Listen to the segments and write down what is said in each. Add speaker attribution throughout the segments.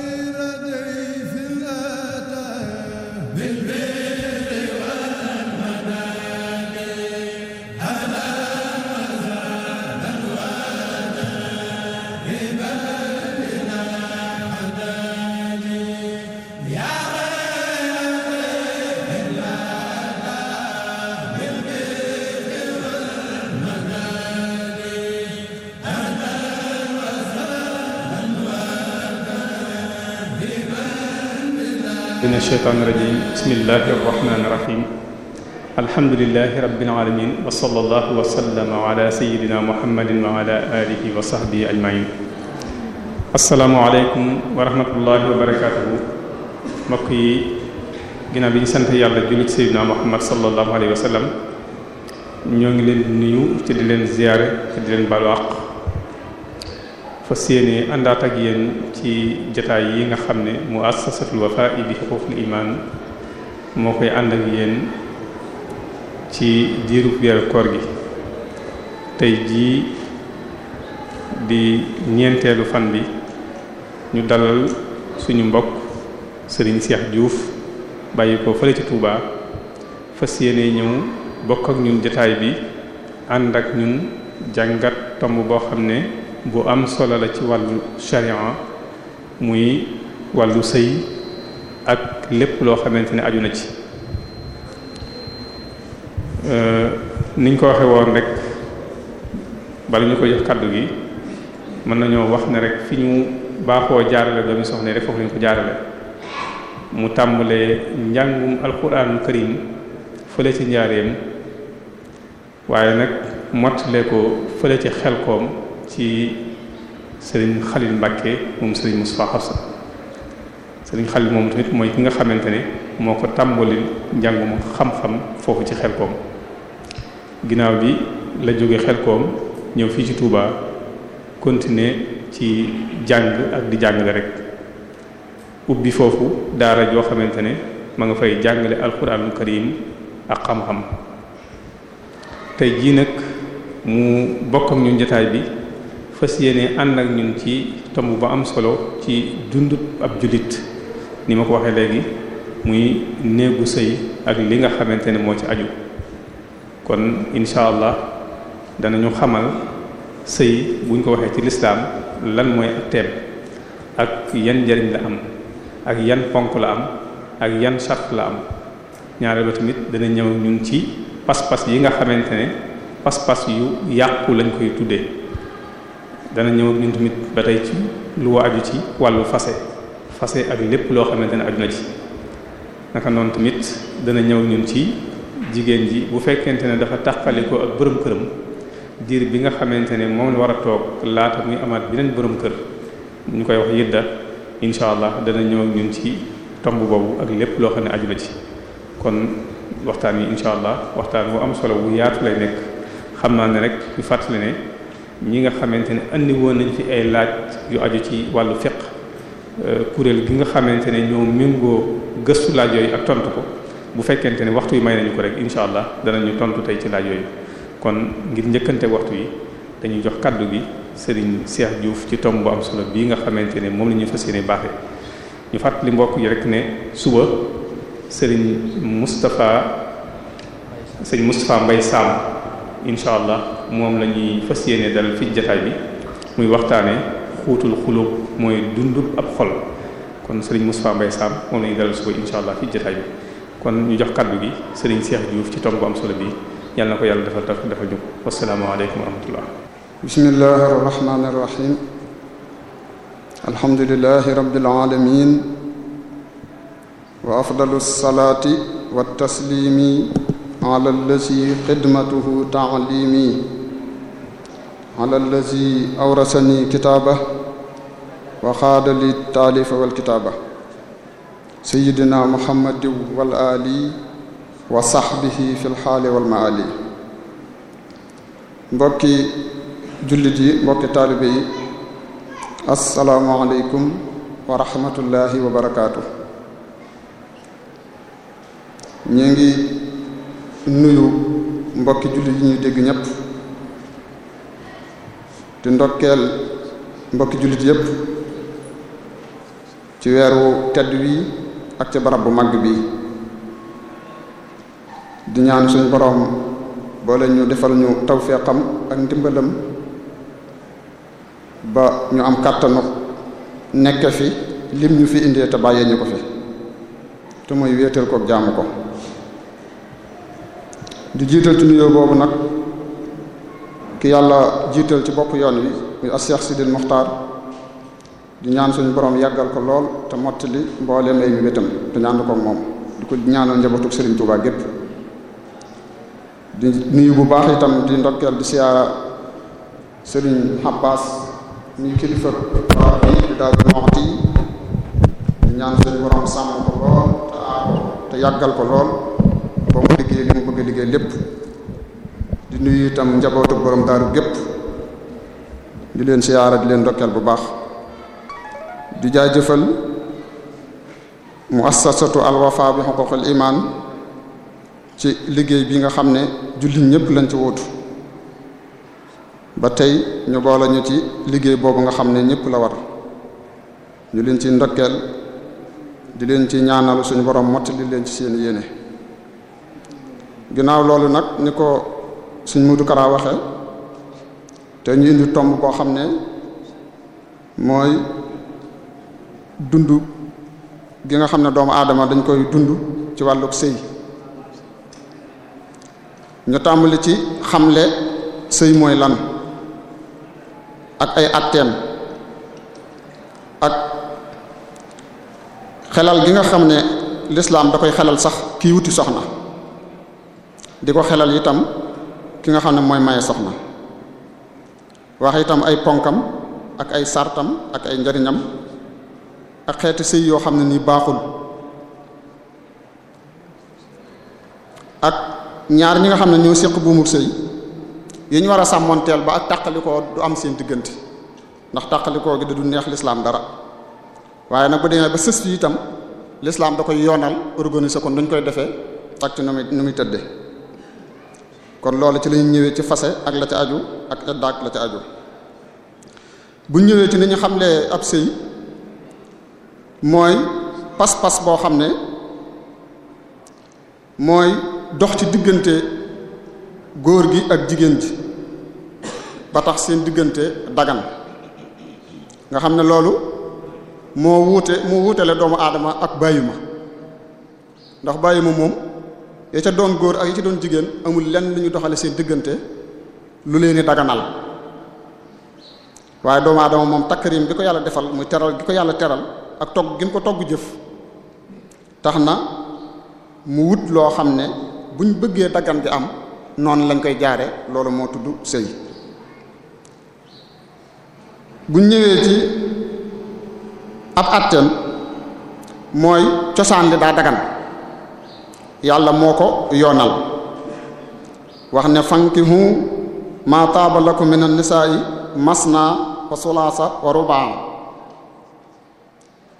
Speaker 1: خير دين
Speaker 2: mina shaytaani rajiim bismillahi rahmaani rahiim alhamdulillahi rabbil aalamiin wa sallallahu wa sallama ala sayyidina muhammadin wa ala aalihi wa sahbihi ajmaiin assalaamu aleykum wa rahmatullahi wa barakaatuhu mbokk yi ginnaaw bi ñu sant yàlla jullit sayyidina muhammad sallallahu alayhi wa sallam ñoo ngi leen nuyu te di leen ziyaare te di leen baal waq fas yéene àndaat ak yéen ci jataay yi nga xam ne muassasatul Wafa'i bi huquqil imaan moo koy ànd ak yéen ci diirub weeru koor gi tey jii bi ñeenteelu fan bi ñu dalal suñu mbokk sëriñ Cheikh juuf bàyyi ko fële ci Touba fas yéene ñëw bokk ak ñun jataay bi ànd ak ñun jàngat tomb boo xam ne bu am solo la ci wàllu sharia muy wàllu sëy ak lépp loo xamante ni aju na ci euh, niñ ko waxe woon rek bala ñu ko jox kàddu gi mën nañoo wax ne rek fi ñu baaxoo jaarale doomi soxna rek foofu lañu ko jaarale mu tàmbalee njàngum alxuraanu karim fële ci njaareem waaye nag mott mottale ko fële ci xel koom ci sëriñ Xalil Mbàkke moom sëriñ Moustapha Xafsa sëriñ Xalil moom tamit mooy ki nga xamante ne moo ko tàmbali njàngum xam-xam foofu ci Xelkom ginnaaw bi la jóge koom ñëw fii ci Touba continuer ci jàng ak di jàngale rek ubbi foofu daara joo xamante ne ma nga fay jàngale alxuraanul karim ak xam-xam tey jii nag mu bokk ak ñun bi fas yéene ànd ak ñun ci tomb ba am solo ci dund ab jullit ni ma ko waxee léegi muy néegu sëy ak li nga xamante ne moo ci aju kon incha allah danañu xamal sëy buñ ko waxee ci lislaam lan mooy ak teem ak yan njariñ la am ak yan ponk la am ak yan charte la am ñaareel ba tamit dana ñëw ñun ci pas-pas yi nga xamante ne pas-pas yu yàqu lañ koy tuddee dana ñëw ak ñun tamit ba tey ci lu wa aju ci wàllu fase fase ak lépp loo xamante ne aju na ci naka noonu tamit dana ñëw ñun ci jigéen ji bu fekkente ne dafa ko ak borom këram diir bi nga xamante ne moom la war a toog laata muy amaat beneen borom kër ñu koy wax yidda incha allah dana ñëw ak ñun ci tomb boobu ak lépp loo xam ne aju na ci kon waxtaan wi incha allah waxtaan bu am solo bu yaatu lay nekk xam naa ne rek ñu fàttali ne. ñi nga xamante ne andi woon nañ fi ay laaj yu aju ci wàllu fiqh euh, kuréel gi nga xamante ne ñoo mingoo gëstu laaj yooyu ak tontu ko bu fekkente ne waxtu yi may nañu ko rek incha allah ñu tontu tey ci laaj yooyu kon ngir njëkkante waxtu yi dañuy jox kàddu gi Serigne Cheikh Diouf ci tomb bu am solo bii nga xamante ne moom la ñu fas seeni baaxee ñu fàttali mbokk yi rek ne suba Serigne Moustapha Serigne Moustapha Mbaye Sam incha allah. moom lañuy ñuy fas dalal fi jataay bi muy waxtaane xuutul xulóob mooy dundub ab xol kon sëriñ Moussa Mbaye Sam moom la dalal suba insha allah fi jataay bi kon ñu jox kaddu gi sëriñ seex Diouf ci tomb bu am solo bi yàlla na ko yàlla defal taf defal ñu ko wasalaamaaleykum wa rahmatullah
Speaker 3: bismillahi rahmaani rahim
Speaker 2: alhamdulilahi
Speaker 3: rabbil alamin wa afdalu salaati wa taslimi ala allazi xidmatuhu taalimi ala allazi awrasani kitaaba wa xaadali taalifa wal kitaaba sayidina muhammadi wal ali wa saxbihi fil wal maali mbokki jullit yi mbokki taalibe yi asalaamualeykum wa rahmatullahi wa ñu ngi nuyu mbokki jullit yi ñuy dégg ñépp di ndokkeel mbokki jullit yépp ci weeru tedd wi ak ci barab bu màgg bi di ñaan suñu borom boole ñu defal ñu tawfeexam ak ndimbalam ba ñu am kàttanu nekk fi lim ñu fi indee te bàyyee ñu ko fi te mooy wéetal ko jaamu ko di jiital ci nuyoo boobu nag ki yàlla jiital ci bopp yoon wi muy Cheikh Sidil Muxtaar di ñaan suñu borom yàggal ko lool te mottali mbooleem ay mébétam te ñaan ko moom di ko ñaanal njabootu Serigne Touba gépp di bu baax itam di ndokkeel bi daal di moxti di ñaan suñu borom sàmm ko lool te aar ko te yàggal ko lool ba mu liggéey li mu bëgg liggéey lépp. di nuyu itam njabootu borom daaru gépp di leen siyaara di leen ndokkeel bu baax di jaajëfal muassasatu alwafa bi xuququl iman ci liggéey bi nga xam ne jullit ñëpp lañ ci wóotu ba tey ñu boole ñu ci liggéey boobu nga xam ne ñëpp la war ñu leen ci ndokkeel di leen ci ñaanal suñu borom mottali leen ci seen yéene ginnaaw loolu nag ni ko suñ Mudu Kara te ñu indi tomb boo xam ne mooy dund gi nga xam ne doomu aadama dañ koy dund ci wàllug sëy ñu tàmbali ci xamle sëy mooy lan ak ay atteem ak xelal gi nga xam ne lislaam da koy xelal sax kii wuti soxna di ko xelal itam ki nga xam ne mooy maye soxna wax itam ay ponkam ak ay sartam ak ay njariñam ak xeeti sëy yoo xam ne nii baaxul ak ñaar ñi nga xam ne ñoo séq buumub sëy yi ñu war a sàmmoon teel ba ak tàqalikoo du am seen diggante ndax tàqalikoo gi da du neex lislaam dara waaye nag bu demee ba sës yi itam lislaam da koy yoonal organiser kon duñ koy defee ak ci nu muy nu muy tëddee kon loolu ci la ñëwee ci fase ak la ci aju ak edda la ci aju bu ñëwee ci ni ñu xamlee ab sëy mooy pas-pas boo xam ne mooy dox ci diggante góor gi ak jigéen ji ba tax seen diggante dagan nga xam ne loolu moo wuute moo wutale doomu aadama ak bàyyima ndax bàyyi ma moom ya ca doon góor ak ya ci doon jigéen amul lenn lu ñu doxale seen diggante lu leen di daganal waaye doomu aadama moom takkarim bi ko yàlla defal muy teral gi ko yàlla teral ak togg gi mu ko togg jëf tax na mu wut loo xam ne buñ bëggee daggan bi am noonu lañ koy jaare loolu moo tudd sëy buñ ñëwee ci ab atteem mooy cosaan li daa dagan yàlla moo ko yoonal wax ne fankihu ma taaba lakum min an masna wa sulaasa wa rubaa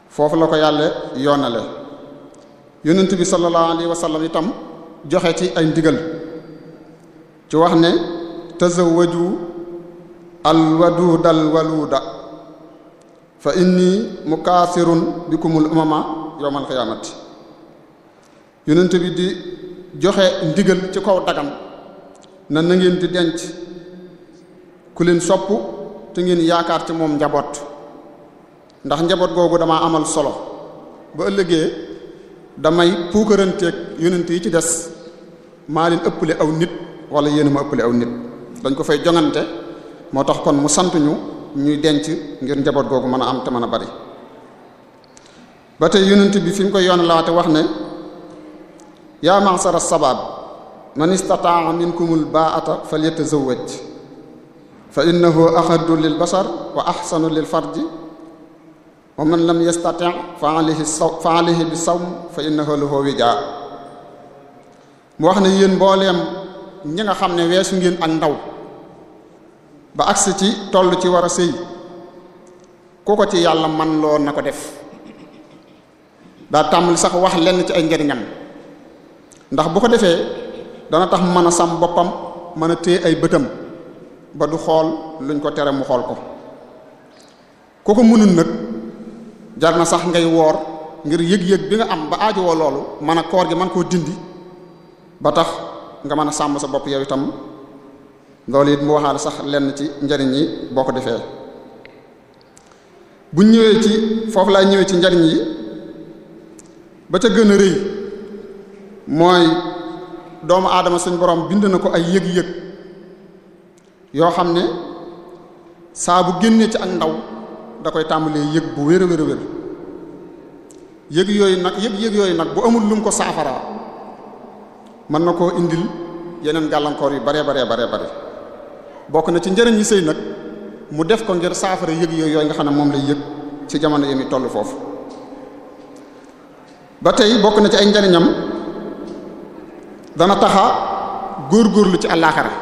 Speaker 3: foofu la ko yàlla yoonale yonent bi sallallahu alayhi wa itam joxe ci ay ndigal ci wax ne tazawwaju alwadudal waluda fa inni mukaasirun bikumul umama yawmal qiyaamati yonent bi di joxe ndigal ci kaw dagan na na ngeen di denc ku leen soppu te ngeen yaakaar ci moom njaboot ndax njaboot googu dama amal solo ba ëllëgee damay puukaranteeg yonent yi ci des maa leen ëpp ëppale aw nit wala yéen ma ëppale aw nit dañ ko fay jongante moo tax kon mu sant ñu ñuy denc ngir njaboot googu mën a am te mën a bari ba tey yonent bi fi mu koy yoon laate wax ne yaa ma'shara shabaab man istataa'a minkumul baa'ata falyatazawwaj fa innahu axaddu lil bashar wa axsanu lil farji wa man lam yastati' fa alayhi fa alayhi bi sawm fa innahu lahu wijaa mu wax na yéen mbooleem ñi nga xam ne weesu ngéen ak ndaw ba agsi ci toll ci war a sëy ku ko ci yàlla man loo na ko def daa tàmbali sax wax lenn ci ay njariñam ndax bu ko defee dana tax mën a sàmm boppam mën a téye ay bëtam ba du xool luñ ko tere mu xool ko ku ko mënul nag jar na sax ngay woor ngir yëg-yëg bi nga am ba aajo aajowoo loolu mën a koor gi mën koo dindi ba tax nga mën a sàmm sa bopp yow itam loolu it mu waxaale sax lenn ci njariñ yi boo ko defee bu ñëwee ci foofu laay ñëwee ci njariñ yi ba ca gën a rëy mooy doomu aadama suñ borom bind na ko ay yëg-yëg yoo xam ne saa bu génnee ci ak ndaw da koy tàmbalee yëg bu wér a wér yëg yooyu nag yëg-yëg yooyu nag bu amul lum ko saafaraa mën na koo indil yeneen gàllankoor yu baree baree baree bare bokk na ci njëriñ yi sëy nag mu def ko ngir saafara yëg yooyu yooyu nga xam ne moom lay yëg ci jamono yi mi toll foofu ba tey bokk na ci ay njariñam dana taxa góor góorlu ci àllaaxara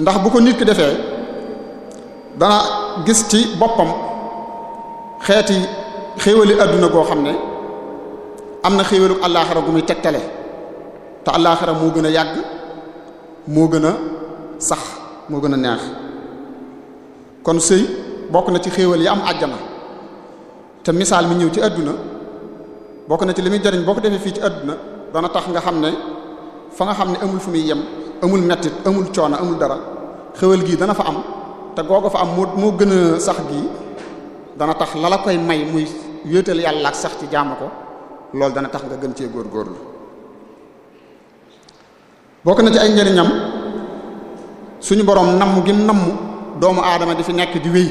Speaker 3: ndax bu ko nit ki defee dana gis ci boppam xeeti xéewali àdduna goo xam ne am na xéewalu àllaaxara gu muy tegtale te àllaaxara moo gën a yàgg moo gën a sax moo gën a neex kon sëy bokk na ci xéewal yi am àjjana te misaal mi ñëw ci àdduna bokk na ci li muy jariñ boo ko defee fii ci àdduna dana tax nga xam ne fa nga xam ne amul fu muy yem amul mettit amul coono amul dara xéwal gii dana fa am te googu fa am moo moo gën a sax gii dana tax la la koy may muy wéetal yàlla ak sax ci jaamu ko loolu dana tax nga gën cee góorgóorlu bokk na ci ay njëriñam suñu boroom namm gi namm doomu aadama di fi nekk di wéy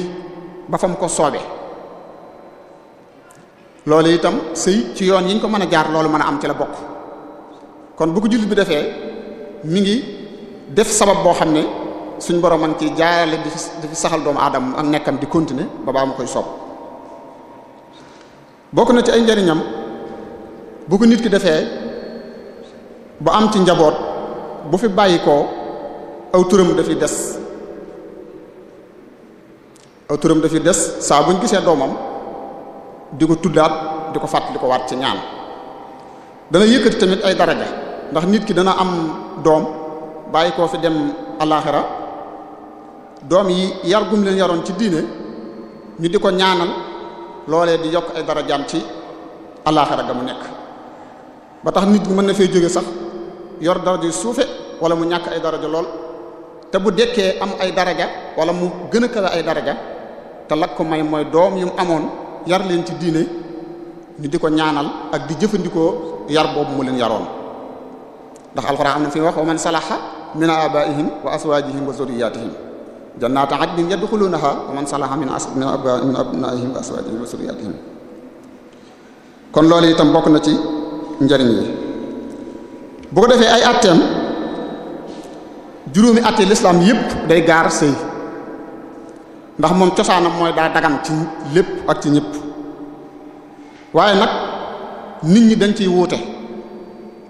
Speaker 3: ba fam ko soobe loolu itam sëy ci yoon yi ñu ko mën a jaar loolu mën a am ci la bokk kon bu ko jullit bi defee mu ngi def sabab boo xam ne suñ borom man ci jaarale di fi saxal doom aadama ak nekkam di continuer ba baa ma koy soob bokk na ci ay njariñam bu ko nit ki defee bu am ci njaboot bu fi bàyyi koo aw turam dafay des aw turam dafi des saa buñ gisee doomam di ko tuddaat di ko fàttali ko waat ci ñaan dana yëkkati tamit ay daraja ndax nit ki dana am doom bàyyi koo fi dem alaxira doom yi yar gum leen yaroon ci diine ñu di ko ñaanal loolee di yokk ay darajaam ci alaxira ga mu nekk ba tax nit mën na fee jóge sax yor daraja suufe wala mu ñàkk ay daraja lool te bu dekkee am ay daraja wala mu gën a kale ay daraja te lag ko may mooy doom yu mu amoon yar leen ci diine ñu di ko ñaanal ak di jëfandikoo yar boobu mu leen yaroon ndax alxuraan am na fi wax wa man salaha min abaihim wa aswajihim wa zurriyatihim jannata adnin yadxulunaha wa man salaha min abnaihim wa aswajihim wa zurriyatihim kon loolu itam bokk na ci njariñ yi bu defee ay atteem juróomi atte lislaam yépp day gaar sëy ndax moom cosaanam mooy daa dagan ci lépp ak ci ñëpp waaye nag nit ñi dañ ciy wuute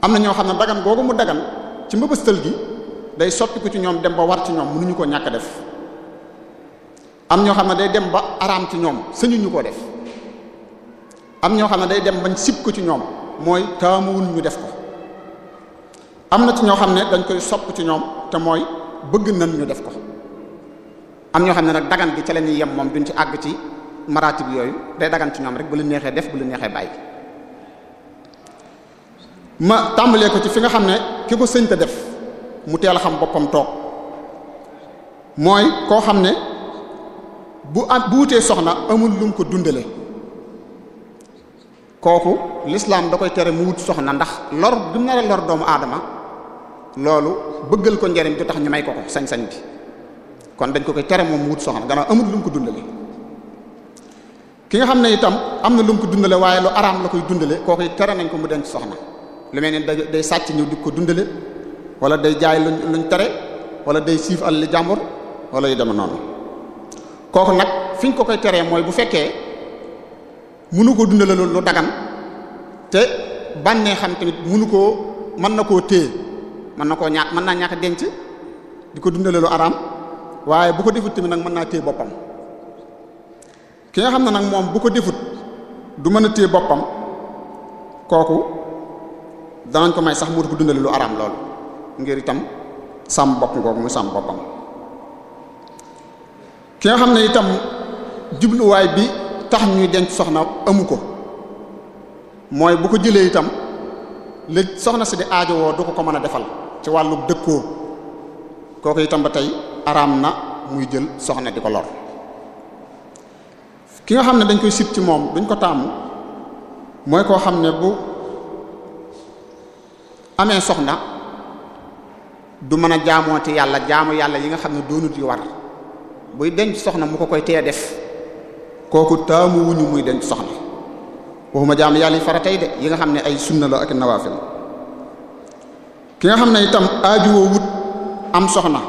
Speaker 3: am na ñoo xam ne dagan googu mu dagan ci mbëbëstal gi day sotti ko ci ñoom dem ba war ci ñoom mënuñu ko ñàkk def am ñoo xam ne day dem ba araam ci ñoom sëñuñu ko def am ñoo xam ne day dem bañ sib ko ci ñoom mooy taamuwul ñu def am na ci ñoo xam ne dañ koy sopp ci ñoom te mooy bëgg nan ñu def ko am ñoo xam ne nag dagan gi ca la ñuy yem moom duñ ci àgg ci maraatib yooyu day dagan ci ñoom rek bu lu neexee def bu lu neexee bàyyi ma tàmbalee ko ci fi nga xam ne ki ko sëñ te def mu teel a xam boppam toog mooy koo xam ne bu am bu wutee soxna amul lum ko dundale kooku lislaam da koy tere mu wut soxna ndax lor du nara doomu aadama loolu bëggal ko njariñ du tax ñu may ko sañ-sañ bi kon dañ ko koy tere moom mu wut soxna gannaaw amul lum ko dundale ki nga xam ne itam am na lum ko dundale waaye lu araam la koy dundale kooku tere nañ ko mu denc soxna lu mel ne da day sàcc ñëw di ko dundale wala day jaay luñ luñ tere wala day siif alali jàmbur wala yu deme noonu kooku nag fiñ ko koy teree mooy bu fekkee mënu ko dundale loolu lu dagan te bànnee xam tamit mënu koo mën na koo téye mën na koo ñaa mën naa ñàkk denc di ko dundale lu araam waaye bu ko defut tamit nag mën naa téye boppam ki nga xam ne nag moom bu ko defut du mën a téye boppam kooku danañ ko may sax mu ko dundale lu araam lool ngir itam sàmm bopp ngoog muy sam boppam ki nga xam ne itam jubluwaay bi tax ñuy denc soxna amu ko mooy bu ko jëlee itam la soxna si di aajowoo du ko ko mën a defal ci wàllu dëkkoo kooku itam ba tey araam na muy jël soxna di ko lor ki nga xam ne dañ koy sib ci moom duñ ko tàmm mooy koo xam ne bu amee soxna du mën a jaamooti yàlla jaamu yàlla yi nga xam ne doonut yu war buy denc soxna mu ko koy tee def kooku taamu wuñu muy denc soxna waxuma jaamu yàlla yi tey de yi nga xam ne ay sunna la ak nawaafil xam ne itam aajuwoo am soxna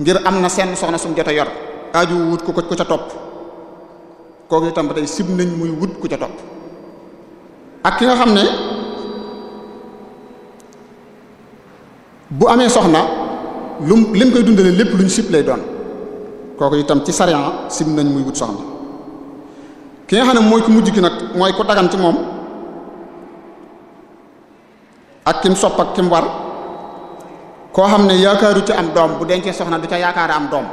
Speaker 3: ngir am na seen soxna sum jot a yor aajuwoo topp kooku itam ba tey ca topp ak ki nga xam ne bu amee soxna lu lim koy dundale lépp luñ sib lay doon kooku itam ci sariya sib nañ muy wut soxna ki nga xam ne mooy ku mujj ki nag mooy ku dagan ci moom ak kim sopp ak kim war koo xam ne yaakaaru ci am doom bu dencee soxna du ca yaakaara am doom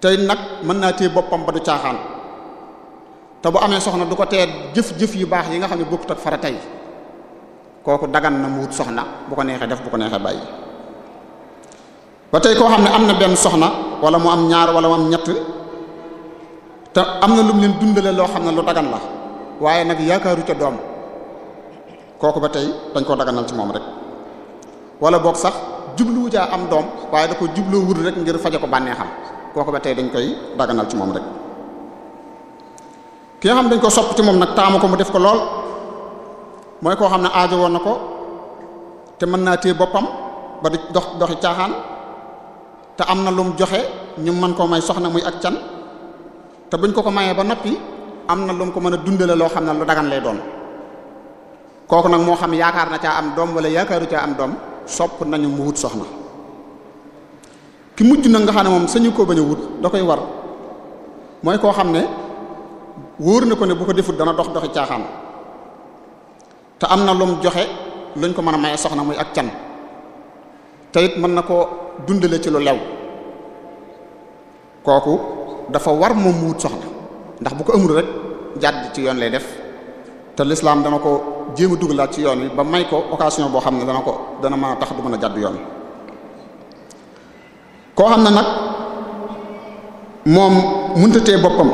Speaker 3: tey nag mën naa téye boppam ba du caaxaan te bu amee soxna du ko tee jëf-jëf yu baax yi nga xam ne bokkut ak fara tey kooku dagan na mu wut soxna bu ko neexee def bu ko neexee bàyyi ba tey koo xam ne am na benn soxna wala mu am ñaar wala mu am ñett te am na lum leen dundale loo xam ne lu dagan la waaye nag yaakaaru ca doom kooku ba tey dañ koo daganal ci moom rek wala boog sax jubluwu caa am doom waaye da ko jubloo wut rek ngir faje ko bànneexam kooku ba tey dañ koy daganal ci moom rek xam dañ ko sopp ci moom nag taamu ko mu def ko lool mooy koo xam ne aajo woon na ko te mën naa téye boppam ba di dox doxi caaxaan te am na lum joxe ñu mën koo may soxna muy ak can te buñ ko ko mayee ba noppi am na lum ko mën a dundale loo xam ne lu dagan lay doon kooku nag moo xam yaakaar na caa am doom wala yaakaaru caa am doom sopp nañu mu wut soxna ki mujj na nga ne moom sañu ko bañ a wut da koy war mooy koo xam ne wóor na ko ne bu ko defut dana dox doxi caaxaan te am na lum joxe luñ ko mën a maye soxna muy ak can te mën na koo dundale ci lu lew kooku dafa war moom mu wut soxna ndax bu ko amul rek jàdd ci yoon lay def te lislaam dana ko jéem a dugalaat ci yoon wi ba may ko occasion boo xam ne dana ko dana ma tax du mën a jàdd yoon koo xam ne nag moom muntatee boppam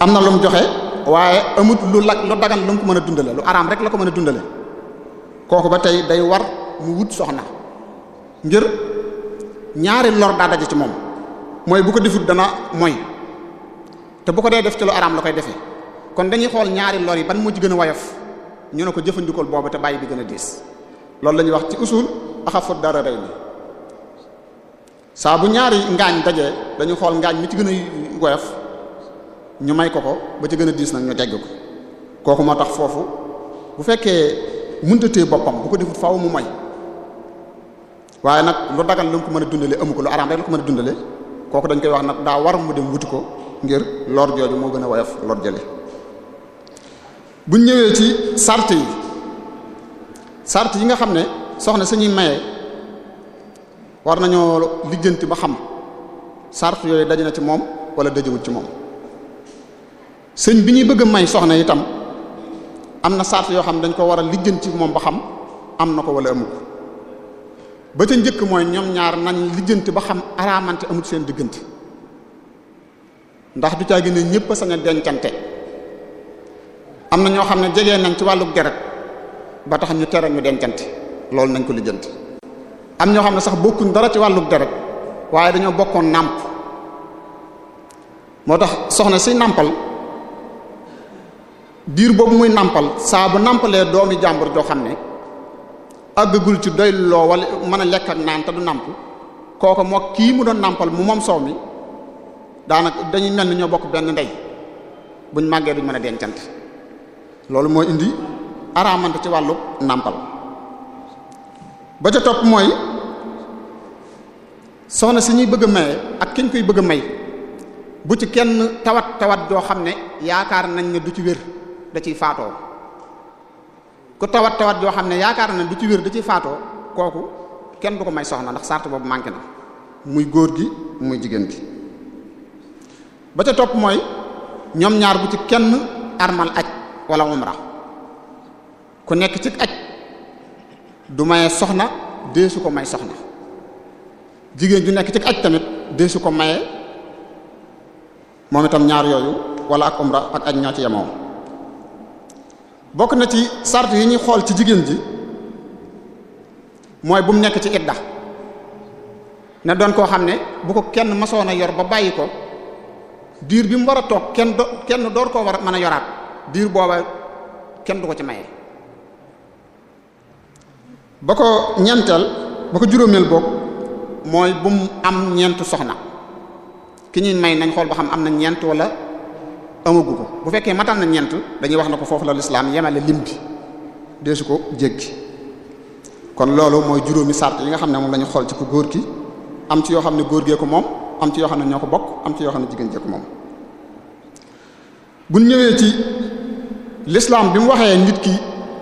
Speaker 3: am na lum joxe waaye amut lu la lu dagan lu mu ko mën a dundale lu araam rek la ko mën a dundale kooku ba tey day war mu wut soxna ngir ñaari lor daa daje ci moom mooy bu ko defut dana mooy te bu ko dee def ci lu araam la koy defee kon dañuy xool ñaari lor yi ban moo ci gën a woyof ñu ne ko jëfandikool boobu te bàyyi bi gën a diis loolu lañuy wax ci usul axafu dara rey bi saa bu ñaari ngaañ daje dañu xool ngaañ mi ci gën a woyof ñu may ko ko ba ci gën a diis nag ñu tegg ko kooku moo tax foofu bu fekkee mënta téye boppam bu ko defut faaw mu moy waaye nag lu dagal lu ko mën a dundale amu ko lu araam rek la ko mën a dundale kooku dañ koy wax nag daa war mu dem wuti ko ngir lor jooju moo gën a woyof lor jële buñ ñëwee ci sart yi sart yi nga xam ne soxna suñuy maye war nañoo lijjanti ba xam sart yooyu daje na ci moom wala dajewut ci moom sëñ bi ñuy bëgg a may soxna itam am na sart yoo xam dañ ko war a lijjanti moom ba xam am na ko wala amu ko ba ca njëkk mooy ñoom ñaar nañ lijjanti ba xam araamante amut seen diggante ndax du caa gën a ñëpp a sañ a dencante am na ñoo xam ne jege nañ ci wàllu deret ba tax ñu tere ñu dencante loolu nañ ko lijjanti am ñoo xam ne sax bokkuñ dara ci wàllu deret waaye dañoo bokkoon nàmp moo tax soxna si nàmpal diir boobu muy nàmpal saabu bu nàmpalee doomi jàmbur joo xam ne àggagul ci doy loo wala mën a lekk ak naan te du nàmp kooku moo kii mu doon nàmpal mu moom soow mi daanaka dañuy mel ni ñoo bokk benn ndey buñ màggee duñ mën a dencante loolu mooy indi araamante ci wàllu nàmpal ba ca topp mooy soxna si ñuy bëgg a maye ak kiñ koy bëgg a may bu ci kenn tawat tawat joo xam ne yaakaar nañ ne du ci wér da ciy faatoo ku tawat tawat joo xam ne yaakaar na du ci wér da ciy faatoo kooku kenn du ko may soxna ndax sart boobu manqué na muy góor gi muy jigéen gi ba ca topp mooy ñoom ñaar bu ci kenn armal aj wala umra ku nekk ci aj du maye soxna deesu ko may soxna jigéen ju nekk ci aj tamit deesu ko maye moom itam ñaar yooyu wala ak umra ak aj ñoo ci yemoo bokk na ci sart yi ñuy xool ci jigéen ji mooy bu mu nekk ci idda na doon koo xam ne bu ko kenn masoon a yor ba bàyyi ko diir bi mu war a toog kenn door koo war a mën a yoraat diir booba kenn du ko ci maye. ba ko ñeenteel ba ko juróomeel boog mooy bu mu am ñeent soxna ki ñuy may nañ xool ba xam am na ñeent wala amagu ko bu fekkee matal na ñeent dañuy wax na ko foofu la lislaam yemale lim bi deesu ko jéggi kon loolu mooy juróomi sart yi nga xam ne moom la ñu xool ci ko góor gi am ci yoo xam ne góor gee ko moom am ci yoo xam ne ñoo ko bokk am ci yoo xam ne jigéen jee ko moom buñ ñëwee ci lislaam bi mu waxee nit ki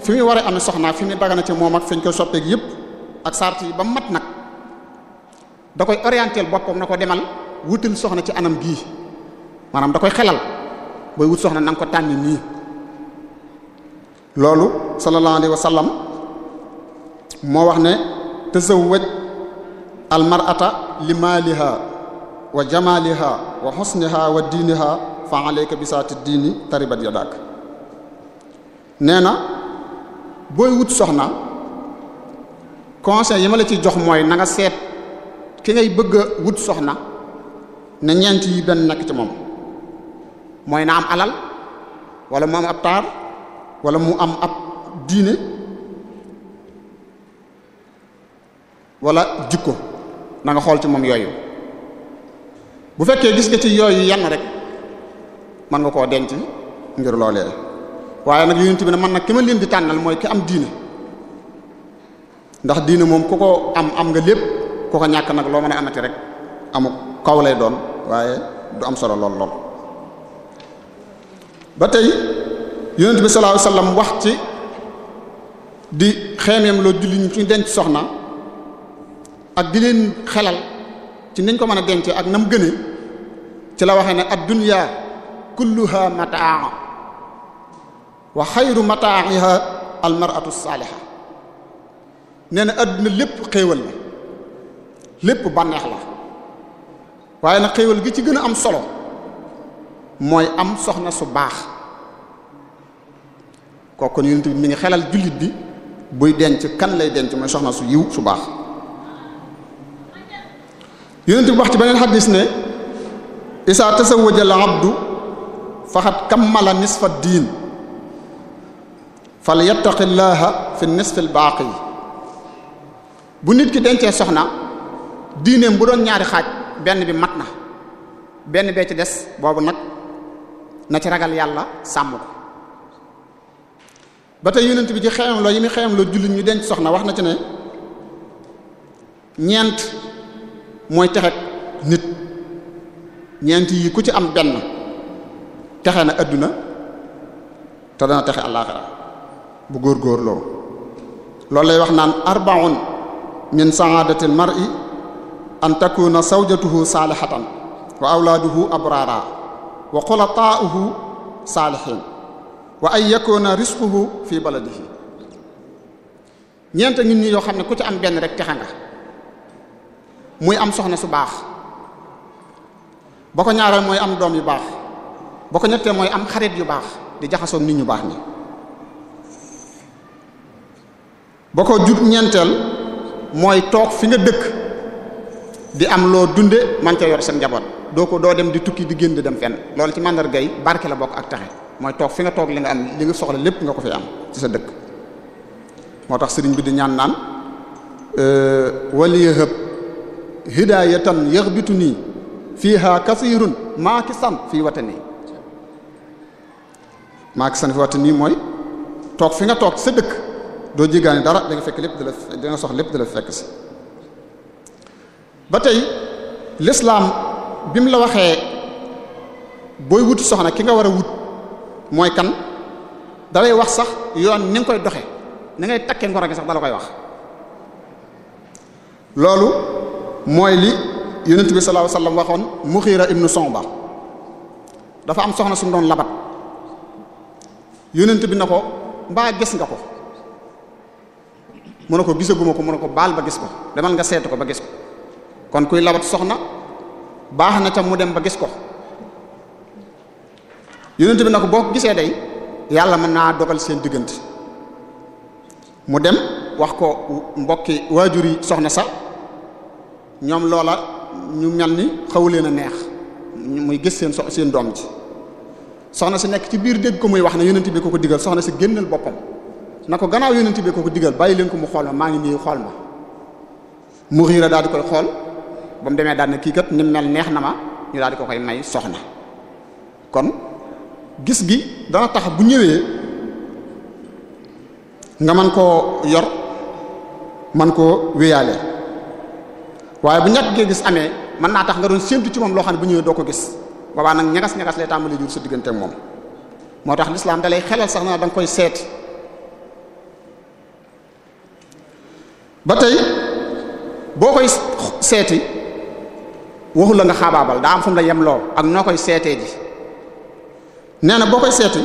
Speaker 3: fi muy war a amee fi muy dagana ci moom ak fi ñu koy soppeek yépp ak sart yi ba mat nag da koy orienté boppam na ko demal wutal soxna ci anam gii maanaam da koy xelal booy wut soxna na nga ko tànni nii loolu sallallahu alayhi wa moo wax ne tazawwaj al mar'ata wa jamaaliha wa xusniha wa diiniha fa alayka bisaati diini taribat yadak nee na booy wut soxna conseil yi ma la ci jox mooy nanga seet ki ngay bëgg a wut soxna ne ñeent yi benn nekk ci moom mooy na am alal wala mu am ab taar wala mu am ab diine walla jikko na nga xool ci moom yooyu bu fekkee gis nga ci yooyu na rek mën nga koo denc ngir loolee waaye nag yonent bi ne man na ki ma leen di tànnal mooy ki am diine ndax diine moom ku ko am am nga lépp ku ko ñàkk nag loo mën a amati rek amu kaw lay doon waaye du am solo lool lool ba tey yonent bi sallallahu alayhi wax ci di xeemeem loo julli ñu ci denc soxna ak di leen xelal ci niñ ko mën a dencee ak nam gëne ci la waxee ne ad-dunya kulluha mataa wa xayru mataa'iha al-mar'atu as-saaliha nee na àdduna lépp xéewal la lépp bànneex la waaye na xéewal gi ci gën a am solo mooy am soxna su baax kooku kon bi mi ngi xelal jullit bi buy denc kan lay denc mooy soxna su yiw su baax yonent bi wax ci beneen xadis ne isa tasawwaja al abdu faxat kammala nisfa diin fal yattaqi llaha fi nisfi al baaqi bu nit ki dencee soxna diineem bu doon ñaari xaaj benn bi mat na benn bee ci des boobu nag na ci ragal yàlla sàmm ko ba tey yonent bi ci xeyam la yi muy xeyam loo jullit ñu denc soxna wax na ci ne ñeent mooy texeg nit ñeent yi ku ci am benn texe na àdduna te dana texe àllaaxira bu góor-góor loo loolu lay wax naan arbaun min saadatil mar'i an takuna zawjatuhu salihatan wa awlaaduhu abrara wa xulataa'uhu salihin waa ay yakuna rizquhu fi baladihi ñeent nit ñi yoo xam ne ku ci am benn rek texe nga muy am soxna su baax ba ko ñaareel mooy am doom yu baax ba ko ñettee mooy am xarit yu baax di jaxasoo nit ñu baax ñi ba ko jub ñeenteel mooy toog fi nga dëkk di am loo dunde man ca yor seen njaboot doo ko doo dem di tukki di génn di dem fenn loolu ci màndargay barke la bokk ak texe mooy toog fi nga toog li nga am li nga soxla lépp nga ko fi am ci sa dëkk moo tax sëriñ bi di ñaan naan euh, waliyahab hidayatan yaxbitu nii fiiha kasirun maakisan fii watani maakisan fii watani mooy toog fi nga toog ci sa dëkk doo jéggaani dara da fekk lépp dala da lépp dala fekk si ba tey lislaam bi mu la waxee booy wut soxna ki nga war a wut mooy kan dalay wax sax yoon ni nga koy doxe ni ngay takkee ngoro sax dala koy wax loolu mooy li yonent bi sallallahu alayhi wasallam waxoon Mughira ibnu Shu'ba dafa am soxna su doon labat yonent bi na ko mbaa gis nga ko mu ne ko gisaguma ko mun ne ko baal ba gis ko demal nga seetu ko ba gis ko kon kuy labat soxna baax na ca mu dem ba gis ko yonent bi na ko boo ko gisee day yàlla mën naa dogal seen diggante mu dem wax ko mbokki waajur yi soxna sax ñoom loola ñu mel ni xawu leen a neex muy gis seen so seen doom ji soxna si nekk ci biir dégg ko muy wax ne yonent bi ko ko digal soxna si génnal boppam na ko gannaaw yonent bi ko ko digal bàyyi leen ko mu xool ma maa ngi nii xool ma mu xiira daal di koy xool ba mu demee daal na kii kat ni mel neex na ma ñu daal di ko koy may soxna kon gis gi dana tax bu ñëwee nga mën koo yor mën koo wéyaale waaye bu ñàkk gee gis amee mën naa tax nga doon séentu ci moom loo xam ne bu ñëwee doo ko gis boobaa nag ñagas ñagas lay tàmbali jur sa diggante moom moo tax lislaam da lay xelal sax na da nga koy seet ba tey boo koy seeti waxul la nga xaabaabal daa am fu la yem yemloo ak noo koy seetee ji nee na boo koy seeti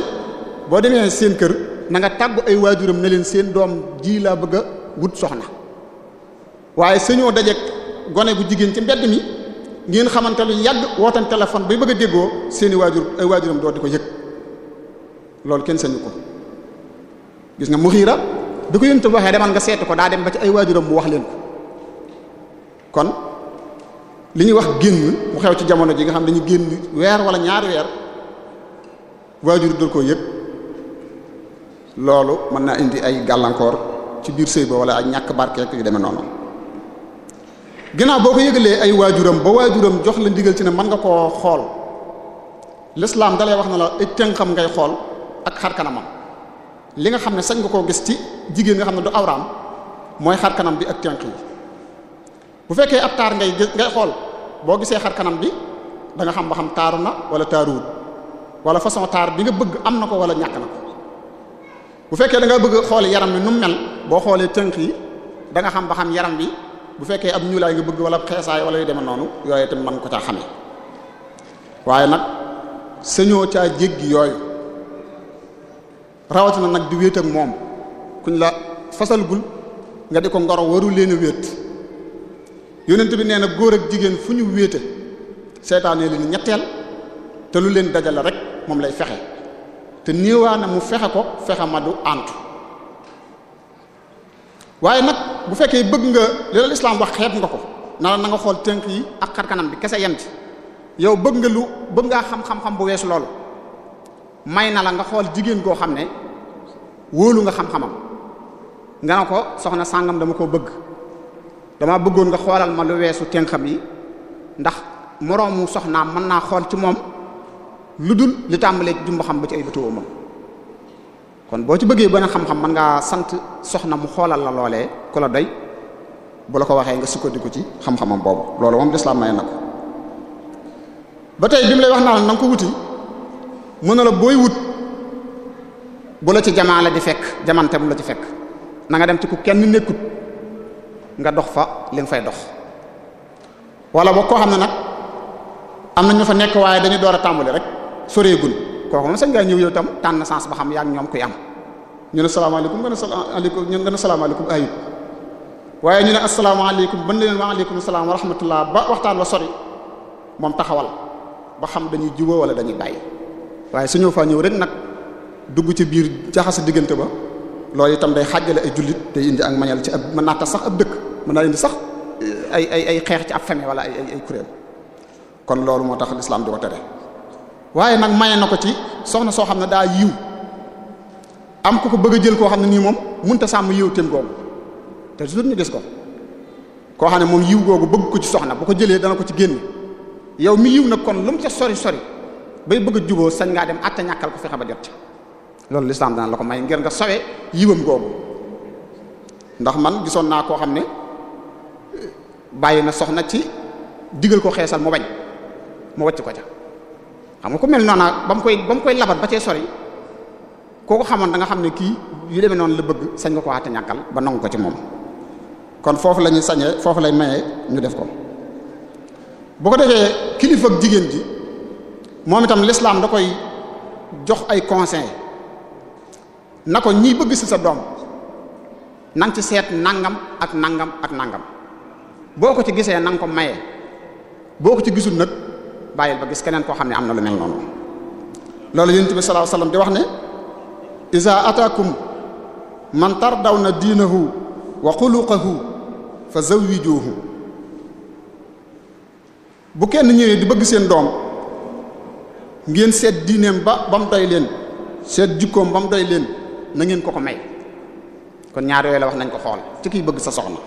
Speaker 3: boo demee seen kër na nga tàggu ay waajuram ne leen seen doom ji laa bëgg a wut soxna waaye sañoo daje gone bu jigéen ci mbedd mi ngeen xamante lu yàgg wootan téléphone bay bëgg a déggoo seeni waajur ay waajuram doo di ko yëg loolu kenn sañu ko gis nga mu xiira bi ko yëntu waxee demal nga seeti ko daa dem ba ci ay waajuram mu wax leen ko kon li ñuy wax génn mu xew ci jamono ji nga xam dañu génn weer wala ñaari weer waajur dal koo yëg loolu mën naa indi ay gàllankoor ci biir sëy ba wala ak ñàkk barkeek yu demee noonu ginnaaw boo ko yëgalee ay waajuram ba waajuram jox la ndigal ci ne mën nga koo xool l'islam dalay wax na la ay tënkam ngay xool ak xar kanamam li nga xam ne sañ nga koo gis ci jigéen nga xam ne du awraam mooy xarkanam bi ak tënk yi bu fekkee ab taar ngay ngay xool boo gisee xar kanam bi danga xam ba xam taaru na wala taaruwut wala façon taar bi nga bëgg am na ko wala ñàkk na ko bu fekkee da nga bëgg xool yaram bi nu mu mel boo xoolee tënk yi danga nga xam ba xam yaram bi bu fekkee ab ñuulaay nga bëgg wala xeesaay wala yu demee noonu yooyu itam mën ko caa xamee waaye nag sañoo caa jéggi yooyu rawatina nag di wéet moom kuñ la fasalgul nga di ko ngoro waru leen a wéet yonent bi nee na góor ak jigéen fu ñu wéete seetaanee leen ñetteel. te lu leen dajale rek moom lay fexe te néewaa na mu fexe ko fexe ma du àntu waaye nag bu fekkee bëgg nga li la islaam wax xeeb nga ko na na nga xool tënk yi ak xarkanam bi kese yent yow bëgg nga lu bëgg ngaa xam xam bu weesu loolu may na la nga xool jigéen goo xam ne wóolu nga xam-xamam nga ne ko soxna sàngam dama ko bëgg dama bëggoon nga xoolal ma lu weesu tënkam yi ndax moroomu soxnaam mën naa xool ci moom lu dul li tàmbalee jumba xam ba ci ay batuwa moom kon boo ci bëggee benn xam-xam man ngaa sant soxna mu xoolal la loolee ku la doy bu la ko waxee nga sukkadiku ci xam-xamam boobu loolu moom lislaam may na ko tey bi mu lay wax naa la na ko wuti mën la booy wut bu ci jamaa di fekk jamante mu la ci fekk na dem ci ku kenn nekkut nga dox fa li nga fay dox wala boo koo xam ne nag am na ñu fa nekk waaye dañuy door a tàmbali rek soreegun kooku moom sañ ngaa ñëw yow tam tànn sens ba xam yaa ngi ñoom koy am ñu ne salaamaaleykum nga ne salaamaaleykum ñu nga ne salaamaaleykum ayib waaye ñu ne asalaamaaleykum ban leen waaleykum salaam wa ba waxtaan wa sori moom taxawal ba xam dañuy jubóo wala dañuy bàyyi waaye su ñëw fa ñëw rek nag dugg ci biir jaxase diggante ba loolu itam day xàjjale ay jullit day indi ak mañal ci ab ma naa sax ab dëkk mën naa indi sax ay ay ay xeex ci ab feme wala ay ay kon loolu moo tax lislaam di waaye nag maye na ko ci soxna soo xam ne daa yiw am ko ko bëgg a jël koo xam ne nii moom mënut a sàmm yiw teem googu te toujours ñu gis ko koo xam ne moom yiw googu bëgg ko ci soxna boo ko jëlee dana ko ci génn yow mi yiw nag kon lu mu ca sori sori bay bëgg a juboo sañ ngaa dem atta ñàkkal ko fexe ba jot ci loolu lislaam daan la ko may ngir nga sawee yiwam googu ndax man gisoon naa koo xam ne bàyyi na soxna ci digal ko xeesal mu wañ mu wacc ko ca xam nga ku mel noonu ba mu koy ba koy labat ba cee sori kooku xamoon danga xam ne kii yu demee noonu la bëgg sañ nga ko waate ñàkkal ba nangu ko ci moom kon foofu lañuy ñu foofu lay mayee ñu def ko bu ko defee kilifa jigéen ji moom itam l'islam da koy jox ay conseil na ko ñiy bëgg si sa doom nang ci seet nangam ak nangam ak nangam boo ko ci gisee na nga ko maye boo ko ci gisul nag bàyyil ba gis keneen koo xam ne am na lu mel noonu loolu yonent bi sallallahu alayhi wasallam di wax ne iza ataakum man tardawna diinahu wa xuluqahu fa zawwijuhu bu kenn ñëwee di bëgg seen doom ngeen seet diineem ba ba mu doy seet jikkoom ba mu doy leen na ngeen ko ko kon ñaar yooyu wax nañ ko xool ci kiy bëgg sa soxna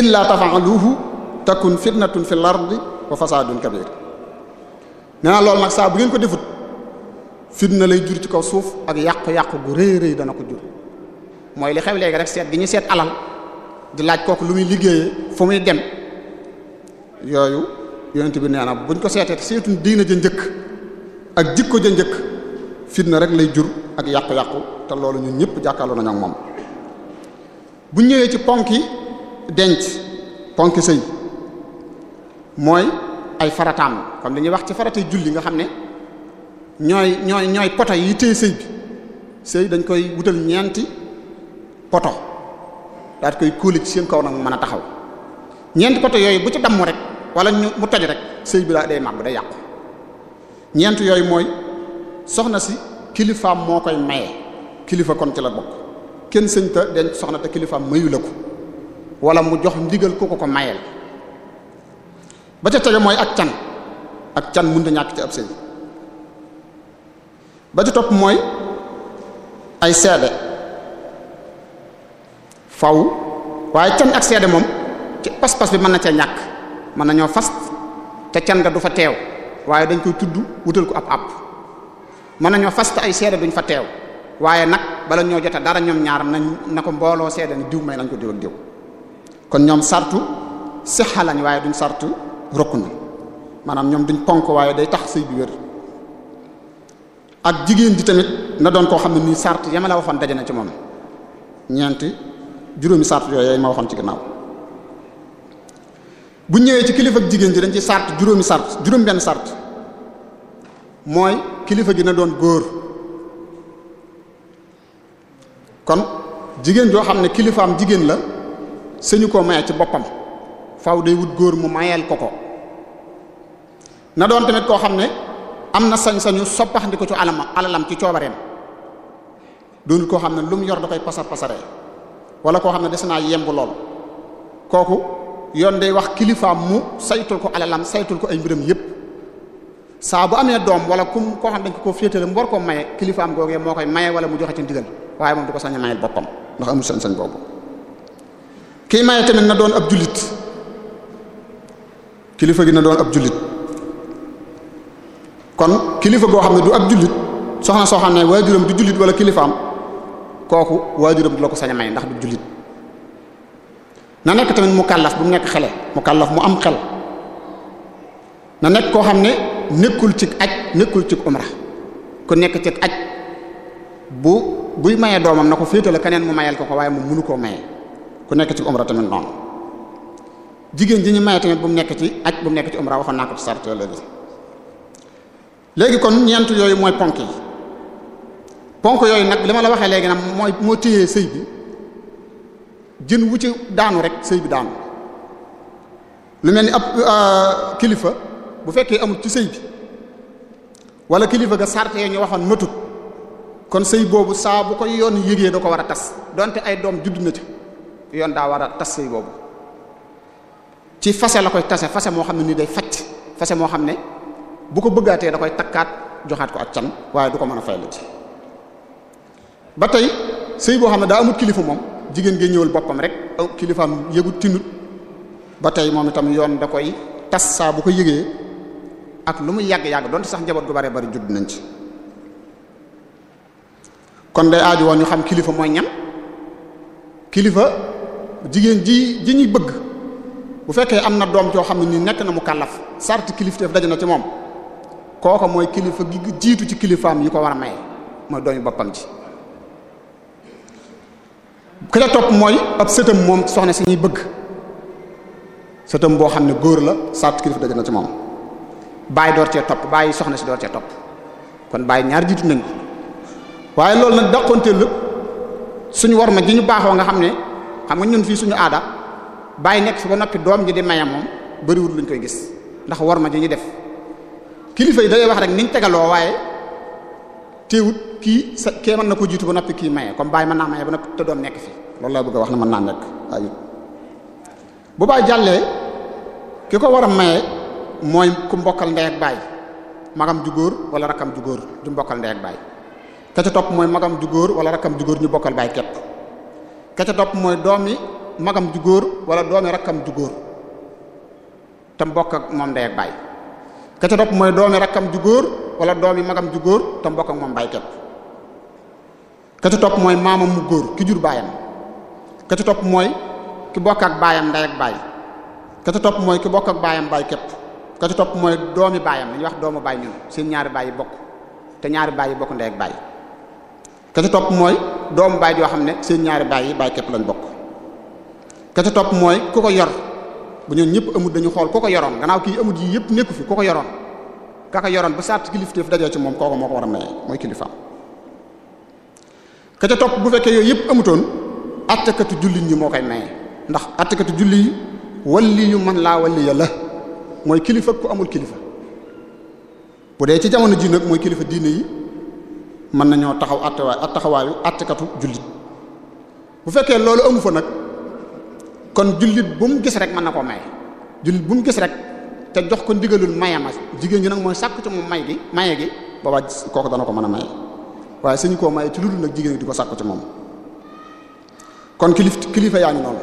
Speaker 3: illa tafa'aluhu takun fitnatun fil ardi wa fasadun kabir nee naa loolu nag saa bu ngeen ko defut fitna lay jur ci kaw suuf ak yàqu-yàqu gu rëy rëy dana ko jur mooy li xew léegi rek seet gi ñu seet alal di laaj kooku lu muy liggéeyee fu muy dem yooyu yonent bi nee na buñ ko seetee seetuñ diina ja njëkk ak jikko ja njëkk fitna rek lay jur ak yàqu-yàqu te loolu ñu ñëpp jàkkaarloo nañu ak moom bu ñëwee ci ponk yi denc ponki sëy mooy ay farataam comme li wax ci faratay julli nga xam ne ñooy ñooy ñooy poto yi téye sëy bi sëy dañ koy wutal ñeenti poto daal koy kóoli ci seen kaw nag mu mën a taxaw ñeenti poto yooyu bu ci damm rek wala mu toj rek sëy bi daa day màgg day yàqu ñeent yooyu mooy soxna si kilifaam moo koy maye kilifa kon ci la bokk kenn sëñ ta denc soxna te kilifaam mayu ko wala mu jox ndigal ku ko ko mayeel ba ca tege mooy ak can ak can mënut a ñàkk ci ab sëy ba ca topp mooy ay seede faw waaye can ak seede moom ci pas-pas bi mën na cee ñàkk mën nañoo fas te can nga du fa teew waaye dañ koy tudd wutal ko ab ab mën nañoo fas te ay seede duñ fa teew waaye nag bala ñoo jota dara ñoom ñaar nañ na ko mbooloo seede ni diw may nañ ko diw ak diw kon ñoom sartu sixa waaye duñ sartu rokk na maanaam ñoom duñ ponk waaye day tax sëy bi wér ak jigéen ji tamit na doon koo xam ne nii sart ya ma la waxoon daje na ci moom ñeenti juróomi sart yooyu ma waxoon ci gannaaw bu ñëwee ci kilifa jigéen ji dañ ci sart juróomi sart juróom benn sart mooy kilifa gi ne doon góor kon jigéen joo xam ne kilifaam jigéen la sëñu koo maye ci boppam faaw day wut góor mu mayeel ko ko na doon tamit koo xam ne am na sañ-sañu soppaxndiko ci alama alalam ci coobareem doonul koo xam ne lu mu yor da koy pasar pasaree wala koo xam ne des naa yemb lool kooku yoon day wax kilifaam mu saytul ko alalam saytul ko ay mbiram yépp saa bu amee doom wala kum koo xam dañ ko koo féetale mu war koo maye kilifaam googee moo koy maye wala mu joxe ci ndigal waaye moom du ko sañ a mayel boppam ndax amul sañ-sañ boobu kii maye tamit na doon ab jullit kilifa gi na doon ab jullit kon kilifa goo xam ne du ab jullit soxna soo xam ne waajuram du jullit wala kilifaam kooku waajuram du la ko sañ may ndax du jullit na nekk tamit mukallaf bu mu nekk xele mukallaf mu am xel na nekk koo xam ne nekkul ci aj nekkul ci umra ku nekk ci aj bu buy mayee doomam na ko féetale keneen mu ko ko waaye moom mënu koo maye ku nekk ci umra tamit noonu jigéen ji ñu maye tamit bu mu nekk ci aj bu nekk ci umra waxoon naa ko la sartl léegi kon ñeent yooyu mooy ponk yi ponk yooyu nag li ma la waxee léegi nag mooy moo téyee sëy bi jën wu ci daanu rek sëy bi daanu lu mel ni ab euh, kilifa bu fekkee amul ci sëy bi wala kilifa ga sarte ñu waxoon matut kon sëy boobu saa bu ko yoon yëgee da ko war a tas donte ay doom judd na ca yoon daa war a tas sëy boobu ci fase la koy tase fase moo xam ne nii day facc fase moo xam ne bu ko bëggaatee da koy takkaat joxaat ko ak can waaye du ko mën a faylati ba tey sëy boo xam ne daa amut kilifa moom jigéen nga ñëwal boppam rek aw kilifaam yëgu tinut ba tey moom itam yoon da koy tas saa bu ko yëgee ak lu mu yàgg-yàgg donte sax njaboot gu bare bari judd nañ ci kon day aaju woon ñu xam kilifa mooy ñan kilifa jigéen ji ji ñuy bëgg bu fekkee am na doom joo xam ne ni nekk na mu kàllaf sarti kilifteef daje na ci moom kooko mooy kilifa gi jiitu ci kilifaam yi ko war a maye mooy doomi boppam ci ki ca topp mooy ab sëtam moom soxna si ñuy bëgg sëtam boo xam ne góor la sàtt kilifa daje na ci moom bàyyi door cee topp bàyyi soxna si door cee topp kon bàyyi ñaar jiitu nañ waaye loolu nag daqonteel lépp suñu war ma ji ñu baaxoo nga xam ne xam nga ñun fii suñu aada bàyyi nekk fi ba noppi doom ji di maye moom bëriwul luñ koy gis ndax war ma ji ñu def kilifa yi day wax rek niñ tegaloo waaye teewut kii sa kee mën na ko jiitu ba noppi kii maye comme baay mën naa maye ba noppi nekk fi loolu laa bëgg a wax ne mën naa nekk ayut jàllee ki ko war a maye mooy ku mbokkal ndey baay magam ju góor wala rakam ju góor ju mbokkal ndey ak baay ka ca topp mooy magam ju góor wala rakam ju góor ñu bokkal baay ka ca topp mooy doomi magam ju góor wala doomi rakam ju góor te mbokk ak moom ndey baay ka ca topp mooy doomi rakkam ju góor wala doomi magam ju góor te mbokk moom baay képp ka ca topp mooy maamam mu góor ki jur baayam ka ca topp mooy ki bokk ak baayam nday baay ka ca topp mooy ki bokk ak baayam baay képp ka mooy doomi baayam dañuy wax doomu baay ñun seen ñaari baay yi bokk te ñaari baay yi bokk ndey ak baay ka topp mooy doomu baay joo xam ne seen ñaari baay yi baay képp lañ bokk ka ca topp mooy ku ko yor bu ñoon ñëpp amut dañu xool ku ko yoroon gannaaw kii amut yi yëpp nekku fi ku yoroon ka ko yoroon ba sàtt kilifteef dajoo ci moom kooku moo ko war a maye mooy kilifaam ka topp bu fekkee yooyu yëpp amutoon attakatu jullit ñi moo koy maye ndax attakatu julli yi walli yu man laa walli mooy kilifa ku amul kilifa bu dee ci jamono ji nag mooy kilifa diine yi mën nañoo taxaw attawaay attaxawaayu attakatu jullit bu fekkee loolu amu fa nag kon jullit bu mu gis rek mën na koo maye jullit bu mu gis rek te jox ko ndigalul ma jigéen ñi nag mooy sàkk ci moom may gi maye gi boobaa kooku dana ko mën a maye waaye suñu koo maye ci lu dul nag jigéen di ko sàkk ci moom kon kilif kilifa yaa ngi noonu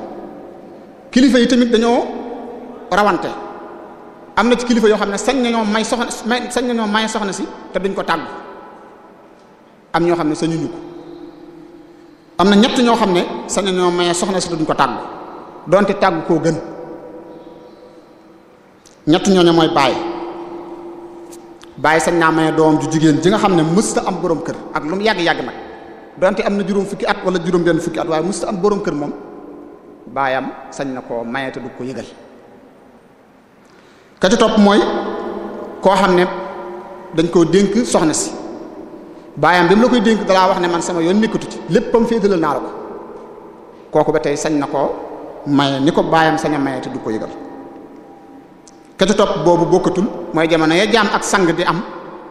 Speaker 3: kilifa yi tamit dañoo rawante am na ci kilifa yoo xam ne sañ nañoo may soxna sañ nañoo may soxna si te duñ ko tàggu am ñoo xam ne sañuñu ko am na ñett ñoo xam ne sañ nañoo soxna si te duñ ko tàggu donte tàgg koo gën ñett ñooñu mooy baay bàyyi sañ naa may doom ju jigéen ji nga xam ne mësta am borom kër ak lu mu yàgg-yàgg nag donte am na juróom fukki at wala juróom benn fukki at waaye mësta am borom kër moom baayam sañ na koo maye te du ko yëgal ka ci mooy koo xam ne dañ koo dénk soxna si baayam bi mu la koy dénk dalaa wax ne man sama yoon nekkatu ci léppam féetale naa la ko kooku ba tey sañ na koo maye ni ko baayam saña a maye te du ko yëgal ketu boobu bokkatul mooy jamono ya jaam ak sang di am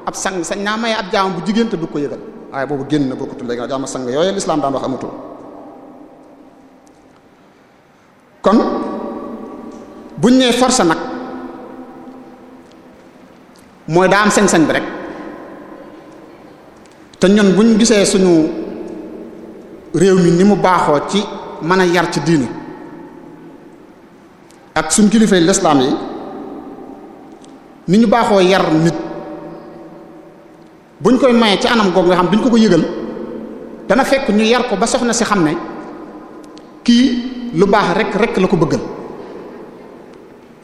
Speaker 3: ab sang sañ naa maye ab jaam bu jigéen te du ko yëgal waaye boobu génn na bokkatul léegi nag jaam sang buñ nee force nag mooy daa am sañ bi rek te ñun buñ gisee suñu réew mi ni mu baaxoo ci mën a yar ci diini ak suñ kilifay lislaam yi ni ñu baaxoo yar nit buñ koy maye ci anam goog nga xam duñ ko ko yëgal dana fekk ñu yar ko ba soxna si xam ne kii lu baax rek rek la ko bëggal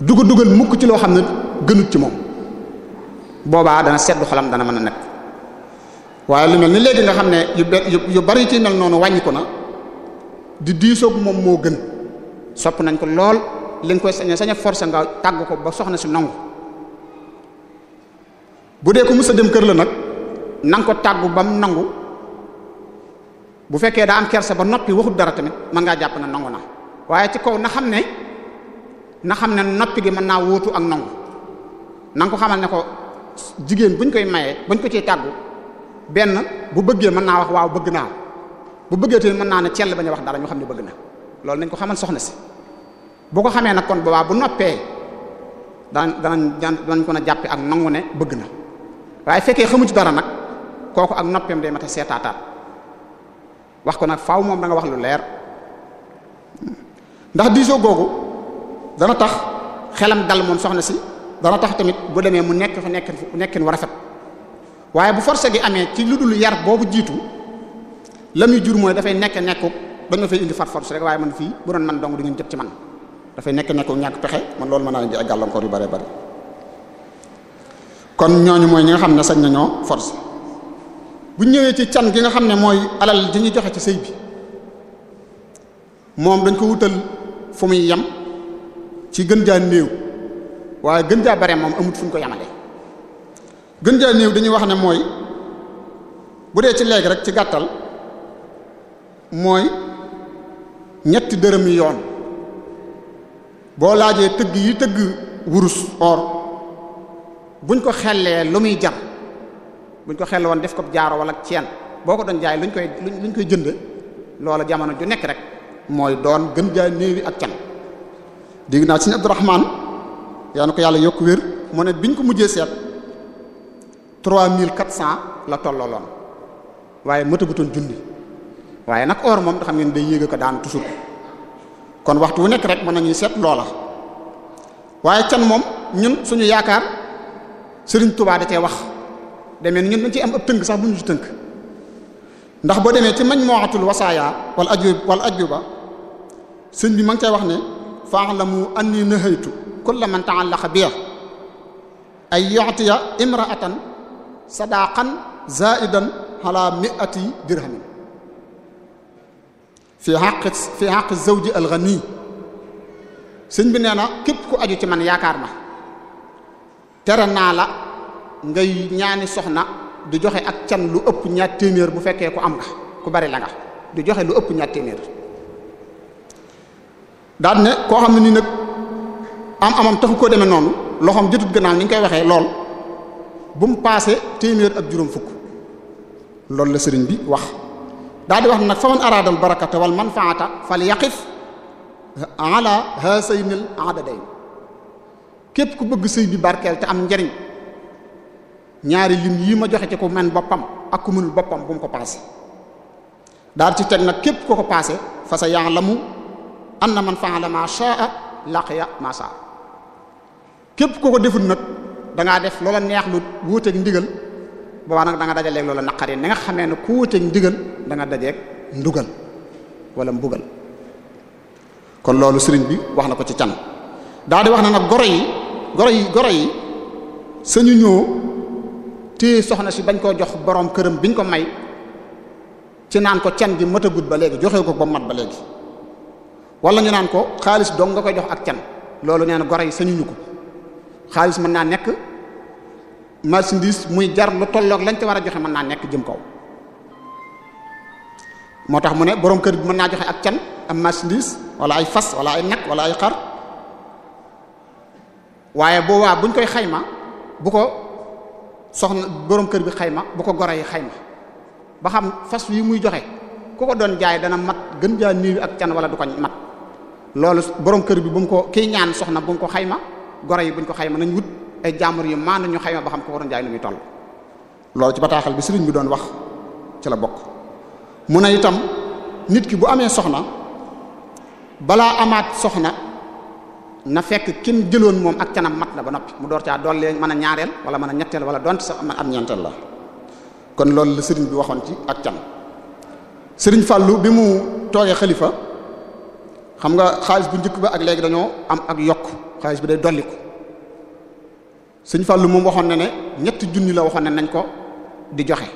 Speaker 3: du dugal mukk ci loo xam ne gënut ci moom boobaa dana sedd xolam dana mën a nekk waaye lu mel ni léegi nga xam ne yu bari ci mel noonu wàññi na di diisoog moom moo gën sopp nañ ko lool li nga koy saña saña forcé nga tàgg ko ba soxna si nangu bu dee ko mës a dem kër la nag na ko tàggu ba mu nangu bu fekkee daa am kersa ba noppi waxut dara tamit mën ngaa jàpp na nangu na waaye ci kaw na xam ne na xam ne noppi gi mën naa wóotu ak nangu na nga ko xamal ne ko jigéen buñ koy mayee buñ ko ciy tàggu benn bu bëggee mën naa wax waaw bëgg naa bu bëggee tamit mën naa ne cell bañ a wax dara ñu xam ne bëgg na loolu nañ ko xamal soxna si bu ko xamee nag kon boobaa bu noppee danañ danañ danañ ko na jàppe ak nangu ne bëgg na waaye fekkee xamu ci dara nag kooku ak noppeem day mata seetaataat wax ko nag faw moom da nga wax lu leer ndax diisoo googu dana tax xelam dal moom soxna si dana tax tamit bu demee mu nekk fa nekkin nekkin war a rafet waaye bu forcé gi amee ci lu dul yar boobu jiitu la muy jur mooy dafay nekk nekkuk da nga fay indi far force rek waaye man fii bu doon man dong du ngeen ci man dafay nekk nekku ñàkk pexe man loolu mën naa leen di gàllankoor yu bare bari kon ñooñu mooy ñi nga xam ne sañ nañoo force bu ñëwee ci can gi nga xam ne mooy alal di ñu joxe ci sëy bi moom dañ ko wutal fu muy yem ci gën jaa néew waaye gën jaa bare moom amut fu ñu ko yemale gën jaa néew dañuy wax ne mooy bu dee ci léegi rek ci gàttal mooy ñetti dërëm yi yoon boo laajee tëgg yi tëgg wurus or buñ ko xellee lu muy jar buñ ko xelle woon def ko jaaro wala ceen boo ko doon jaay luñ koy luñ koy jënd loola jamono ju nekk rek mooy doon gën jaay néewi ak can dégg naa sëñ Abdourahman yaa na ko yàlla yokk wér mu ne biñ ko mujjee seet trois mille quatre cent la tollooloon waaye mëtagutoon junni waaye nag or moom da xam ngeen day yéeg ko daan toujours kon waxtu wu nekk rek mën nañuy seet loola waaye can moom ñun suñu yaakaar Serigne Touba da cee wax demee ñun dañ ci am ab tënk sax bu ñu ci tënk ndax boo demee ci mañ majmu'atul wasaaya wal ajub wal ajuba sëñ bi ma ngi cay wax ne fa'lamu anni nahaytu kulla man ta'allaqa bi ay yu'tiya imra'atan sadaqan za'idan ala mi'ati dirhamin fii xaq fii xaq zawji alxani sëñ bi nee na képp ku aju ci man yaakaar na tere naa la ngay ñaani soxna du joxe ak can lu ëpp ñaar téeméer bu fekkee ku am nga ku bari la nga du joxe lu ëpp ñaar téeméer daan koo xam ne nii nag am amam taxu koo demee noonu loxoom jëtut gannaaw ni ñu koy waxee lool bu mu paase téeméer ak juróom fukk loolu la sëriñ bi wax daal di wax nag fa man araada al barakata wal manfaata fal yaqif ala hasaynil adadayn képp ku bëgg sëy bi barkeel te am njariñ ñaari lim yi ma joxe ci ku mën boppam ak ku mënul boppam bu mu ko paase daal ci teg nag képp koo ko paase fa sa ya'lamu anna man fa'ala ma sha'a laqiya ma sha'a képp ku ko deful nag da ngaa def loola neex lu wuuteeg ndigal boobaa nag da nga dajaleeg loola naqar ni nga xamee ne ku wuteeg ndigal da nga dajeeg ndugal wala mbugal kon loolu sëriñ bi wax na ko ci can daal wax na nag goro yi goro yi goro yi sañu ñëw téye soxna si bañ koo jox borom këram biñ ko may ci naan ko can gi matagut ba léegi joxe ko ba mat ba léegi wala ñu naan ko xaalis dong nga koy jox ak can loolu nee na goro yi sañuñu ko xaalis mën naa nekk marchandise muy jar lu tolloog lañ ca war a joxe mën naa nekk jëm kaw moo tax mu ne borom kër bi mën naa joxe ak can am marchandise wala ay fas wala ay nag wala ay xar waaye boobaa buñ koy xayma bu ko soxna borom kër bi xayma bu ko goro yi xayma ba xam fas yi muy joxe ku ko doon jaay dana mat gën jaa niiw ak can wala du ko mat loolu borom kër bi bu mu ko kiy ñaan soxna bu mu ko xayma goro yi buñ ko xayma nañ wut ay jàmbur yu maandu ñu xayma ba xam ko waroon jaay lu muy toll loolu ci bataaxal bi sëriñ bi doon wax ci la bokk mu ne itam nit ki bu amee soxna balaa amaat soxna na fekk kenn jëloon moom ak canam mat na ba noppi mu door caa dollee mën a ñaareel wala man a ñetteel wala donte sax am am ñeenteel la kon loolu la sëriñ bi waxoon ci ak can sëriñ Fallou bi mu toogee xalifa xam nga xaalis bu njëkk ba ak léegi dañoo am ak yokk xaalis bi day dolliku sëñ Fallou moom waxoon na ne ñetti junni la waxoon ne nañ ko di joxe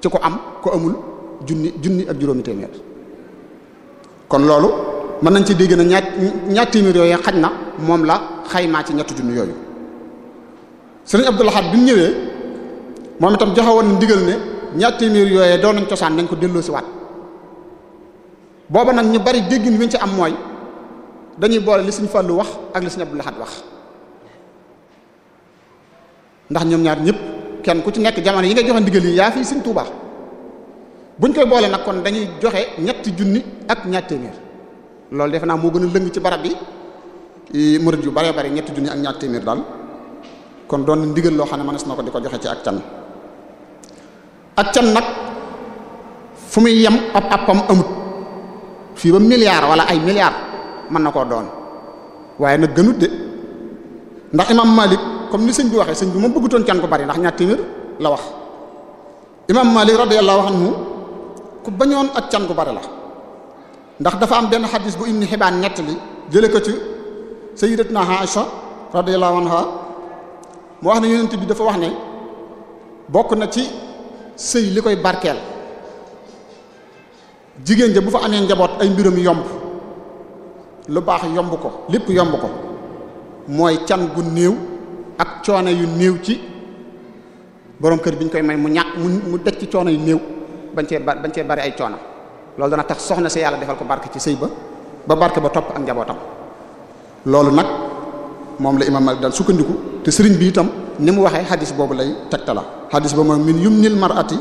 Speaker 3: ci ko am ko amul junni junni ak juróomi téeméer kon loolu mën nañ ci dégg na ñaar ñaar téeméer yooyu xaj na moom la xaymaa ci ñetti junni yooyu sëriñ Abdul Ahad bi mu ñëwee moom itam joxe woon ndigal ne ñaat téeméer yooyee doon nañ cosaan nañ ko delloo si waat booba nag ñu bari déggin wiñ ci am mooy dañuy boole li sëñ Fallou wax ak li sëñ Abdul Ahad wax ndax ñoom ñaar ñëpp kenn ku ci nekk jamono yi nga joxe ndigal yi yaa fi Sëriñ Tuubaa buñ koy boole nag kon dañuy joxe ñetti junni ak ñaar téeméer loolu defe naa moo gën a lëng ci barab bi murid yu bare bare ñetti junni ak ñaar téeméer daal kon doon ndigal loo xam ne mënees na ko di ko joxe ci ak can ak can nag fu muy yem ab appam amut fii ba milliard wala ay milliards mën na koo doon waaye nag gënut de ndax imam malik comme ni sëñ bi waxee sëñ bi moom bëggutoon can ko bari ndax ñaar téeméer la wax imam malik radiyallahu anhu ku bañoon ak can ko bari la ndax dafa am benn xadis bu ibn hibaan ñett li jële ko ci sayyidatna aisha radiyallahu anha mu wax ne yonent bi dafa wax ne bokk na ci sëy li koy barkeel jigéen ja bu fa amee njaboot ay mbiram yomb lu baax yomb ko lépp yomb ko mooy can gu néew ak coono yu néew ci borom kër bi ñu koy may mu ña mu mu daj ci coono yu néew bañ cee ba bañ cee bari ay coono loolu dana tax soxna si yàlla defal ko barke ci sëy ba ba barke ba topp ak njabootam loolu nag moom la imam Malik daal sukkandiku te sëriñ bi itam ni mu waxee xadis boobu lay tegtala xadis ba mooy min yumnil mar'ati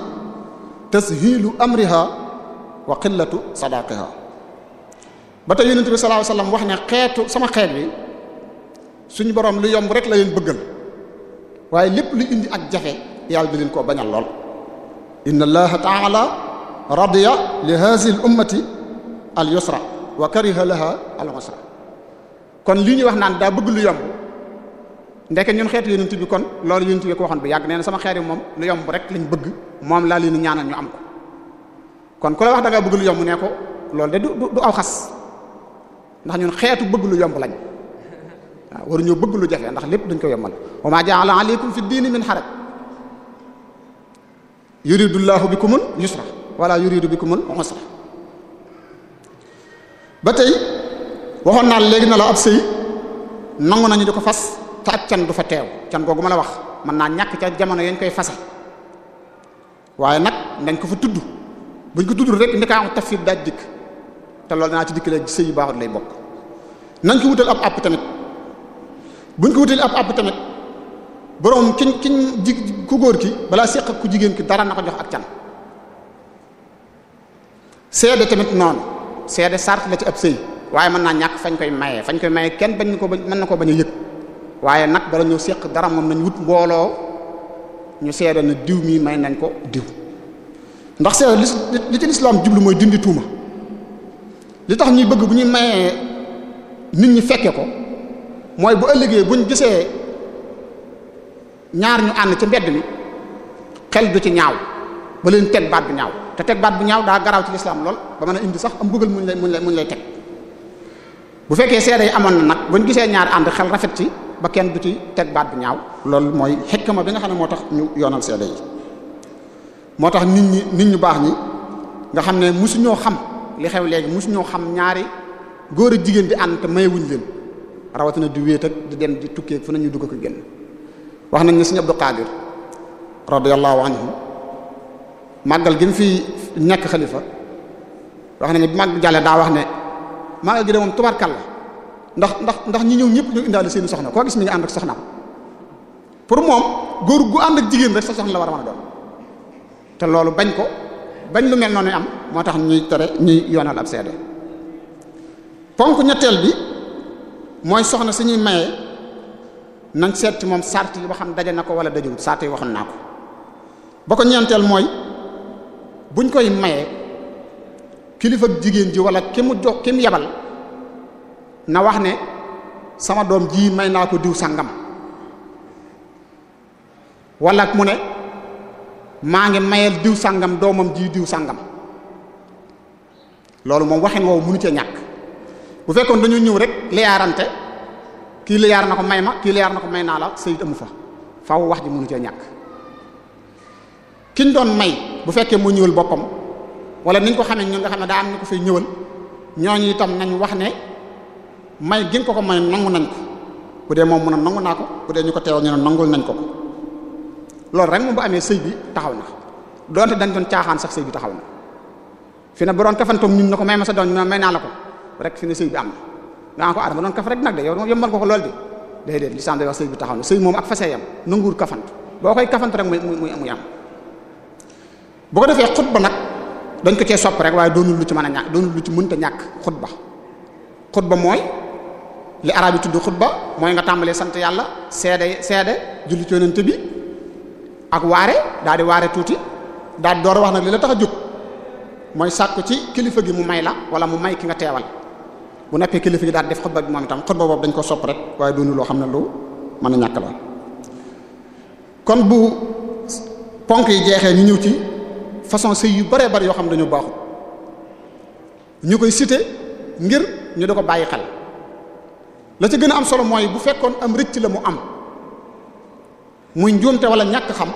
Speaker 3: tashilu amriha wa qillatu sadaqiha ba tey yonent bi sallallahu wax ne xeetu sama xeet bi suñu borom lu yomb rek la leen bëggal waaye lépp lu indi ak jafe yàlla di leen koo bañal lool inna allaha taala radiya li hazihi al ummati al yusra wa kariha laha al usra kon lii ñuy wax naan daa bëgg lu yomb ndeke ñun xeetu yonent bi kon loolu yonent bi ko waxoon bu yàgg nee na sama xeet yi moom lu yomb rek lañ bëgg moom laa leen ñaanal ñu am ko kon ku la wax da ngaa bëgg lu yomb nee ko loolu de du du aw xas ndax ñun xeetu bëgg lu yomb lañ waru ñëw bëgg lu jafe ndax lépp dañ ko yombal wa ma ja'ala alaykum fi diini min haraj yuridullahu bikumul yusra wala yuridu bikumul usra ba tey waxoon naa léegi na la ab sëy nangu nañu di ko fas te ak can du fa teew can googu ma la wax mën naa ñàkk ca jamono yañ koy fase waaye nag dañ ko fa tudd buñ ko tudd rek ni kaa am tafib daaj dikk te loolu danaa ci dikk léegi sëy yu baaxut lay bokk nañ ko wutal ab àpp tamit buñ ko wutali ab àpp tamit borom kiñ kiñ ji ku góor ki balaa séq ku jigéen ki dara na ko jox ak can seede tamit noonu seede sart la ci ab sëy waaye mën naa ñàkk fañ koy maye fañ koy maye kenn bañ ko mën na ko bañ a yëg waaye nag bala ñoo séq dara moom nañ wut mbooloo ñu seede na diw mii may nañ ko diw ndax seede li ci lislaam jublu mooy dindi tuuma li tax ñuy bëgg bu ñuy mayee nit ñi fekke ko mooy bu ëllëgee buñ gisee ñaar ñu ànd ci mbedd mi xel du ci ñaaw ba leen teg baat bu ñaaw te teg baat bu ñaaw daa garaaw ci lislaam lool ba mën a indi sax am mu muñ lay muñ lay muñ lay teg bu fekkee seede yi amoon na nag buñ gisee ñaar ànd xel rafet ci ba kenn du ci teg baat bu ñaaw loolu mooy xikma bi nga xam ne moo tax ñu yoonal seede yi moo tax nit ñi nit ñu baax ñi nga xam ne musuñoo xam li xew léegi musuñoo xam ñaari góor ak jigéen di ànd mayewuñ leen rawatina di wéet ak di dem di tukkee fu nañu dugg ko génn wax nañ ne Sëriñ Abdou Qadir radiyallahu anhu màggal gi mu fi nekk xalifa wax nañ ne bi màgg jàlle daa wax ne màggal gi de moom tubarkal la ndax ndax ndax ñi ñëw ñëpp ñu indaale seeni soxna koo gis mi ngi ànd ak soxnaam pour moom góor gu ànd ak jigéen rek sa soxna la war a mën a doon te loolu bañ ko bañ lu mel noonu am moo tax ñuy tere ñuy yoonal ab seede ponk ñetteel bi mooy soxna suñuy maye nañ seet moom sart yi ba xam daje na ko wala dajewut sart yi naa ko ba ko ñeenteel mooy buñ koy maye kilifa jigéen ji wala ki mu jox ki yabal na wax ne sama doom ji may naa ko diw sangam wala mu ne maa ngi mayel diw sangam doomam ji diw sangam loolu moom waxin woowu mënu ca ñàkk bu fekkoon dañu ñëw rek liyaarante kii liyaar na ko may ma kii liyaar na ko may naa la sëyit amu fa faw wax ji mu mënu cee ñàkk kiñ doon may bu fekkee mu ñëwal boppam wala niñ ko xamee ñu nga xam ne daa am ñu ko fay ñëwal ñooñu itam nañ wax ne may gi ko ko may nangu nañ ko bu dee moom mu a nangu naa ko bu dee ñu ko teewal ñu ne nangul nañ ko ko loolu rek moom bu amee sëy bi taxaw na donte dañ doon caaxaan sax sëy bi taxaw na fi ne bu doon kafantoom na sa doon ñu may naa la ko rek fi ne sëy bi am na nga ko adama doon kaf rek nag de yow yombal ko ko lool de déedéet lislaam day wax sëy bi taxaw na sëy moom ak fasee yam nanguur kafantu boo koy kafantu rek muy muy muy am bu ko defee xutba nag dañ ko cee sopp rek waaye doonul lu ci mën a ñàkk doonul lu ci mënta ñàkk xutba xutba mooy li arab yi tudd xutba mooy nga tàmbalee sant yàlla seede seede julli ci yonent bi ak waare daal di waare tuuti daal di door wax nag li la tax a jóg mooy sàkku ci kilifa gi mu may la wala mu may ki nga teewal bu noppee kilifa yi daal def xutba bi moom itam xutba boobu dañ ko sopp rek waaye doonu loo xam ne lu mën a ñàkk la kon bu ponk yi jeexee ñu ñëw ci façon sëy yu baree bari yoo xam ne dañu baaxut ñu koy site ngir ñu da ko bàyyi xel la ci gën a am solo mooy bu fekkoon am rëcc la mu am muy njuumte wala ñàkk xam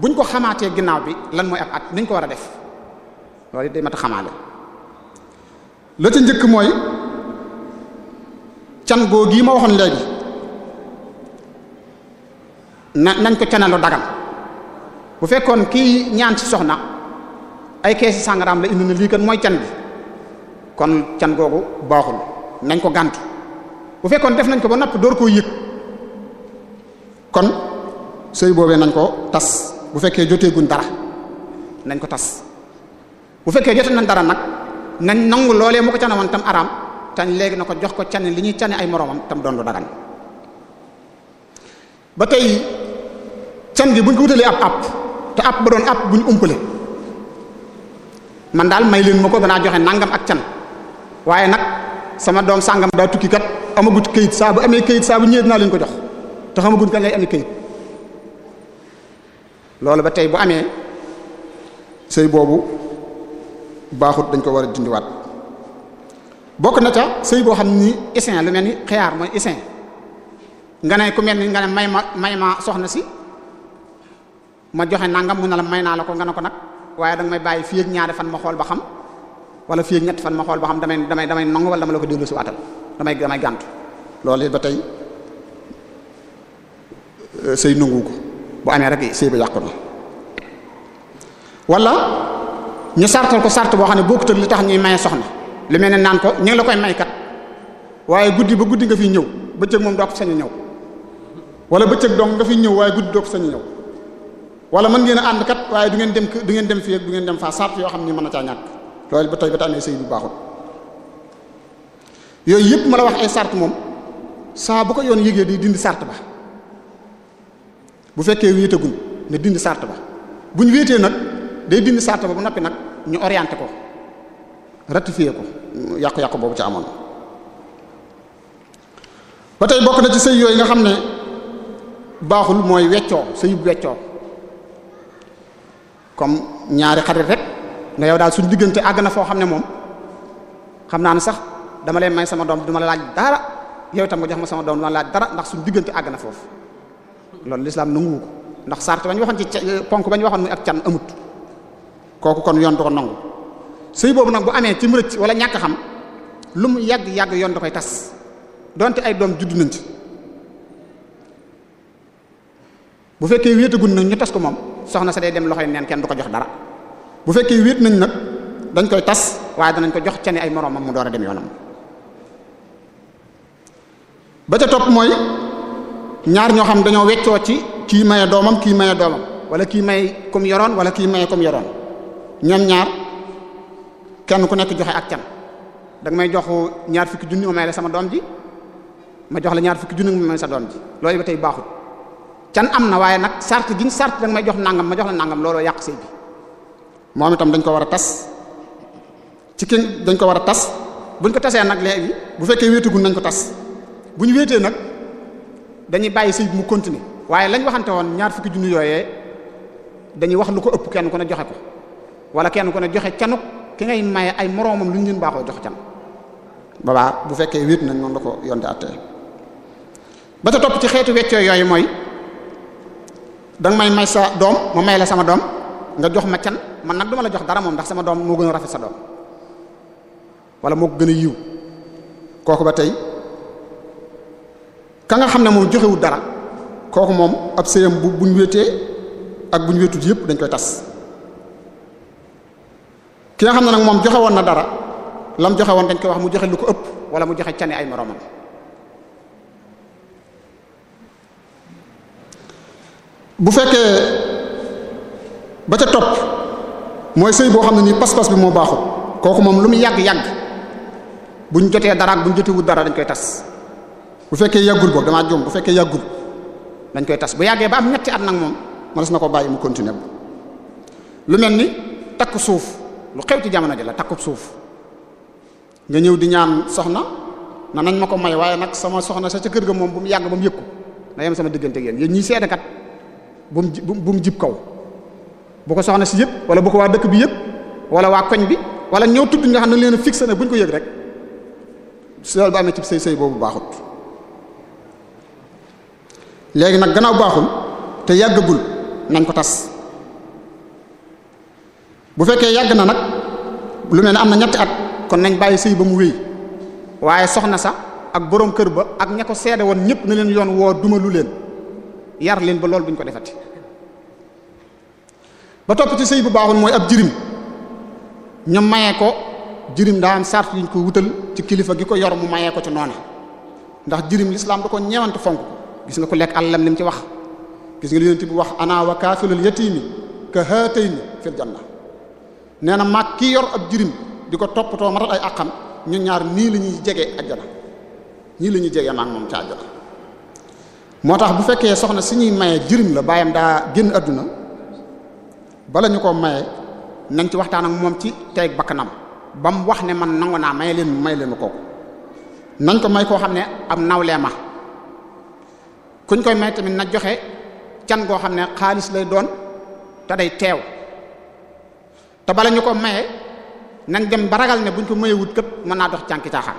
Speaker 3: buñ ko xamaatee ginnaaw bi lan mooy ab at niñ ko war a def loolu it day mat a xamaale la ca njëkk mooy can goo gii ma waxoon léegi na nañ ko canalu dagan bu fekkoon kii ñaan ci soxna ay keesi sàngaraam la indi na lii kan mooy can bi kon can googu baaxul nañ ko gàntu bu fekkoon def nañ ko ba napp door koo yëg kon sëy boobee nañ ko tas bu fekkee joteeguñ dara nañ ko tas bu fekkee nañ dara nag nañ nangu loolee mu ko canawoon tam araam tañ léegi na ko jox ko cane li ñuy cane ay moroomam tam doon lu dagan ba tey can gi buñ ñu ko wutalee ab app te app ba doon app bu ñu umpale man daal may leen ma ko danaa joxe nangam ak can waaye nag sama doom sàngam daa tukki kat amagut kayit saabu bu amee kayit saabu bu ñëwee dinaa leen ko jox te xamagut kan lay amee kayit loolu ba tey bu amee sëy boobu baaxut dañ ko war a dindiwaat bokk na ca sëy boo xam ni isin lu mel ni xiyaar mooy isin nga ne ku mel ni nga ne may ma may ma soxna si ma joxe nangam mu ne la may naa la ko nga ne ko nag waaye danga may bàyyi fii ak ñaari fan ma xool ba xam wala fii ñett fan ma xool ba xam damay damay damay nangu wala dama ko dellu si waatal damay damay gàntu loolu ba tey euh, sëy nangu ko amee rek sëy ba yàqu na wala ñu sartal ko sart boo xam ne bokkut ak li tax ñuy maye soxna. li mel ne naan ko ñu la koy may kat waaye guddi ba guddi nga fi ñëw bëccëg moom doo ko sañ a ñëw wala bëccëg dong nga fi ñëw waaye guddi doo ko sañ ñëw wala man ngeen a ànd kat waaye du ngeen dem du ngeen dem fii ak du ngeen dem faa sart yoo xam ni mën a caa ñàkk loolu tey ba ta amee yëpp ma la wax ay sart moom saa bu ko yoon yégee di dindi sart ba bu fekkee wéetaguñ ne dindi sart ba bu ñu wéetee nag day dindi sart ba bu noppi nag ñu orienté ko ratifié ko yàqu-yàqu boobu ca amoon ba tey bokk na ci sëy yooyu nga xam ne baaxul mooy weccoo sëyub weccoo comme ñaari xarit rek nga yow daal suñu diggante àgg na foo xam ne moom xam naa ne sax dama leen may sama doom duma la laaj dara yow itam nga jox sama doom duma la laaj dara ndax suñ diggante àgg na foofu loolu lislaam nanguwu ko ndax sart bañ waxoon ci eh, ponk bañ waxoon muy ak can amut kooku kon yoon du ko sëy boobu nag bu amee ci mu rëcc wala ñàkk xam lu mu yàgg yàgg yoon da koy tas donte ay doom judd nañ ci bu fekkee wéetagul nañ ñu tas ko moom soxna sa day dem loxoy neen kenn du ko jox dara bu fekkee wéet nañ nag dañ koy tas waa danañ ko jox cene ay moroomam mu door a dem yoonam ba ca topp mooy ñaar ñoo xam dañoo weccoo ci kii maye doomam kii maye doomam wala kii may comme yoroon wala kii maye comme yoroon ñoom ñaar. kenn ku nekk joxe ak can danga may jox ñaar fukki junni ma may la sama doom ji ma jox la ñaar fukki junni ma may sa doom ji loolu ba tey baaxul can am na waaye nag sart giñ sart da nga may jox nangam ma jox la nangam looloo yàq sëy bi moom itam dañ ko war a tas ci ki dañ ko war a tas buñ ko tasee nag léegi bu fekkee wéetagul nañ ko tas bu ñu wéetee nag dañuy bàyyi sëy bi mu continuer waaye lañ waxante woon ñaar fukki junni yooyee dañuy wax lu ko ëpp kenn ku ne joxe ko ki ngay maye ay moroomam lu ñu leen baaxoo jox can boobaa bu fekkee wéet nañ noonu la ko yonte attee ba ta topp ci xeetu weccoo yooyu mooy danga may may sa doom ma may la sama doom nga jox ma can man nag duma la jox dara moom ndax sama doom moo gën a rafet sa doom wala moo gën a yiw kooku ba tey ka nga xam ne moom joxewul dara kooku moom ab sëyam bu buñ wéetee ak buñ wéetut yépp dañ koy tas ki nga xam ne nag moom joxe woon na dara lam joxe woon dañ koy wax mu joxe lu ko ëpp wala mu joxe cani ay moroomam bu fekkee ba ca topp mooy sëy boo xam ne nii pas-pas bi moo baaxul kooku moom lu mu yàgg-yàgg buñ jotee dara bu buñ jotewul dara dañ koy tas bu fekkee yàggul boog damaa jom bu fekkee yàggul dañ koy tas bu yàggee ba am ñetti at nag moom na ko bàyyi mu continuer lu mel ni takk suuf lu xew ci jamono ji la takkub suuf nga ñëw di ñaan soxna na nañ ma ko may waaye nag sama soxna sa ca kër ga moom bu mu yàgg ba mu yëkku na yem sama diggante yéen yéen ñii seedekat kat mu bu mu jib kaw bu ko soxna si yëpp wala bu ko waa dëkk bi yëpp wala waa koñ bi wala ñëw tudd nga xam ne leen a fixé ne bu ñu ko yëg rek loolu ba amee ci sëy sëy boobu baaxut léegi nag gannaaw baaxul te yàggagul nañ ko tas bu fekkee yàgg na nag lu mel ne am na ñetti at kon nañ bàyyi sëy ba mu wéy waaye soxna sa ak borom kër ba ak ña ko seede woon ñëpp na leen yoon woo duma lu leen yar leen ba loolu buñ ko defati ba topp ci sëy bu baaxul mooy ab jirim ñu mayee ko jirim daa am sart yuñ ko wutal ci kilifa gi ko yor mu mayee ko ci noone ndax jirim lislaam da ko ñeewante fonk gis nga ko lekk àllam lim ci wax gis nga li yonent bi wax ana wa kaafilul yatiimi ka haatayni nee na maag kii yor ab jirim di ko toppatoo matal ay àqam ñu ñaar nii la ñuy jege ajjana nii la ñuy jege maag moom ca ajjana moo tax bu fekkee soxna si ñuy mayee jirim la baayam daa génn àdduna bala ñu ko maye nañ ci waxtaan ak moom ci teeg bakkanam ba mu wax ne man nangu naa maye leen may leen kooku nañ ko may koo xam ne am nawlee ma kuñ koy may tamit na joxe can koo xam ne xaalis lay doon te day teew te bala ñu ko maye nan dem ba ragal ne buñ ko mayewut këpp mën naa dox cànki caaxaan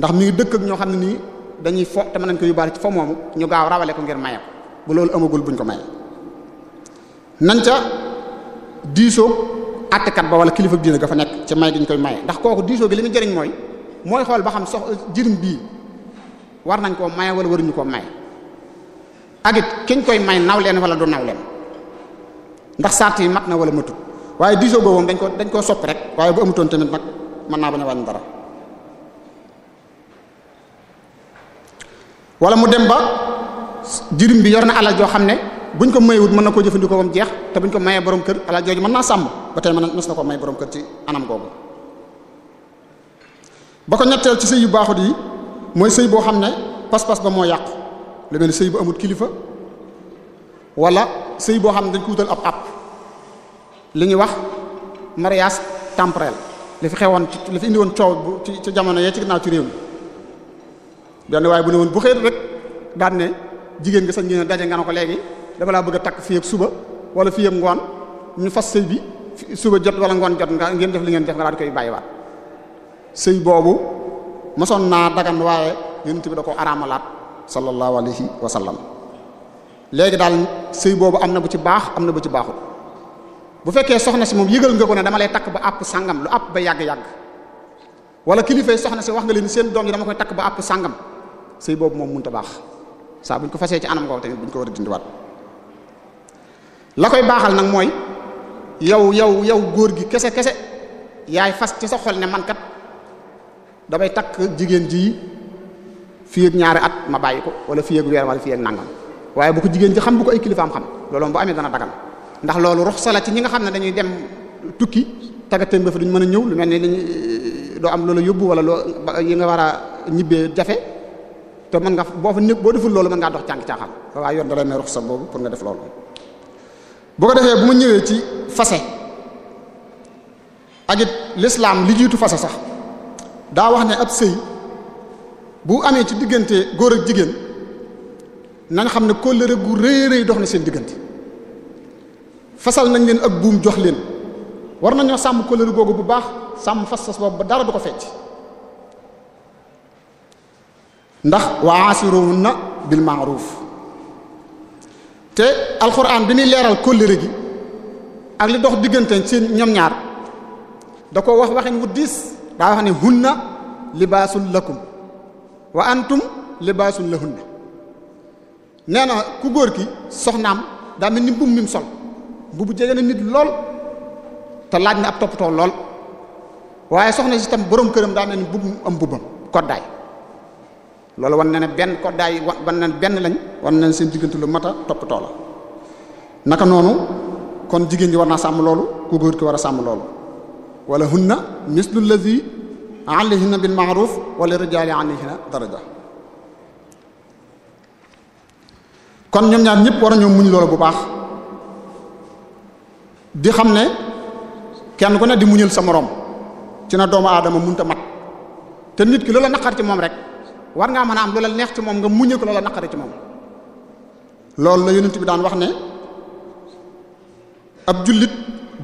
Speaker 3: ndax mi ngi dëkk ñoo xam ne nii dañuy fo te mën nañ ko yóbbaale ci fo moomu ñu gaaw rawale ko ngir maye loolu amagul buñ ko maye nañ ca diisoo àttekat ba wala kilifa diina ga nekk ci may gi koy maye ndax kooku diisoo gi li muy jëriñ mooy mooy xool ba xam sox jirim bii war nañ koo maye wala waruñu koo maye agit it kiñ koy may naw leen wala du naw leen ndax sart mat na wala matut waaye diisoo boobu dañ ko dañ koo soppi rek waaye bu amutoon tamit nag mën naa bañ a wàññi dara wala mu dem ba jirim bi yor na alal joo xam ne buñ ko mayewut mën na koo jëfandikoo ba jeex te buñ ko mayee borom kër alal jooju mën naa sàmm ba tey mën na ko may borom kër ci anam googu ba ko ñetteel ci sëy yu baaxut yi mooy sëy boo xam ne pas-pas ba moo yàqu lu mel ni sëy bu amut kilifa wala sëy boo xam ne dañ ko wutal ab àpp li ñuy wax mariage temporel li fi xewoon li fi indi woon coow bu ci ci jamono yee ci ginnaaw ci réew mi benn waaye bu ne woon bu xëy rek daan ne jigéen nga sañ ngeen daje nga ne ko léegi dama laa bëgg takk fii ak suba wala fii ak ngoon ñu fas sëy bi suba jot wala ngoon jot nga ngeen def li ngeen def nga daal di koy bàyyiwaat sëy boobu mosoon naa dagan waaye yonent bi da ko araamalaat sallallahu alayhi wa sallam léegi daal sëy boobu am na bu ci baax am na bu ci baaxul bu fekkee soxna si moom yëgal nga ko ne dama lay takk ba àpp sàngam lu àpp ba yàgg-yàgg wala kilifay soxna si wax nga leen seen doom yi dama koy takk ba àpp sàngam sëy boobu moom mënut te baax saa buñ ko fasee ci anam ngoow tamit buñ ko war a dindiwaat la koy baaxal nag mooy yow yow yow góor gi kese kese yaay fas ci sa xol ne man kat damay takk jigéen ji fii ak ñaari at ma bàyyi ko wala fii ak weer wala fii ak nangam waaye bu ko jigéen ji xam bu ko ay kilifaam xam loolu bu amee dana dagal ndax loolu ruxsa la ci ñi nga xam ne dañuy dem tukki taggatam ba fa duñ mën a ñëw lu mel ni liñ eh, doo am loola yóbbu wala loo yi nga war a ñibbee jafe te mën nga boo fa népp boo deful loolu mën ngaa dox cànk caaxaan waaye yoon da lay may ruxsa boobu pour nga def loolu boo ko defee bu mu ñëwee ci fase ak it l'islam li jiitu fase sax daa wax ne ab sëy bu amee ci diggante góor ak jigéen nañ xam ne kóllëre gu rëy rëy dox na seen diggante fasal nañ leen ak buum jox leen war nañoo sàmm kóllëre googu bu baax sàmm fas-fas boobu ba dara du ko fecc ndax waa wa asiruhunna bil ma'ruf te alxuraan bi muy leeral kóllëre gi ak li dox diggante ci ñoom ñaar da ko wax waxin wu diis daa wax ne na libaasul lakum wa antum libaasul lahunna nee na ku góor ki soxnaam daa mel ni mbubb mi sol mbubu jege na nit lool te laaj na ab toppatoo lool waaye soxna si tam borom këram daan nañ mbubu am mbubam koddaay loolu wan na ne benn koddaay wan na benn lañ wan na seen diggante lu mat a toppatoo la naka noonu kon jigéen ñi war naa sàmm loolu ku góor ki war a sàmm loolu wala hunna mislu allazi alayhinna bil ma'ruf wala rijaali alayhinna daraja kon ñoom ñaar ñëpp war a ñoo muñ loolu bu baax di xam ne kenn ku ne di muñel sa moroom ci na doomu aadama munta mat te nit ki loola naqar ci moom rek war ngaa mën a am loola neex ci moom nga muñe ko loola naqari ci moom loolu la yonent bi daan wax ne ab jullit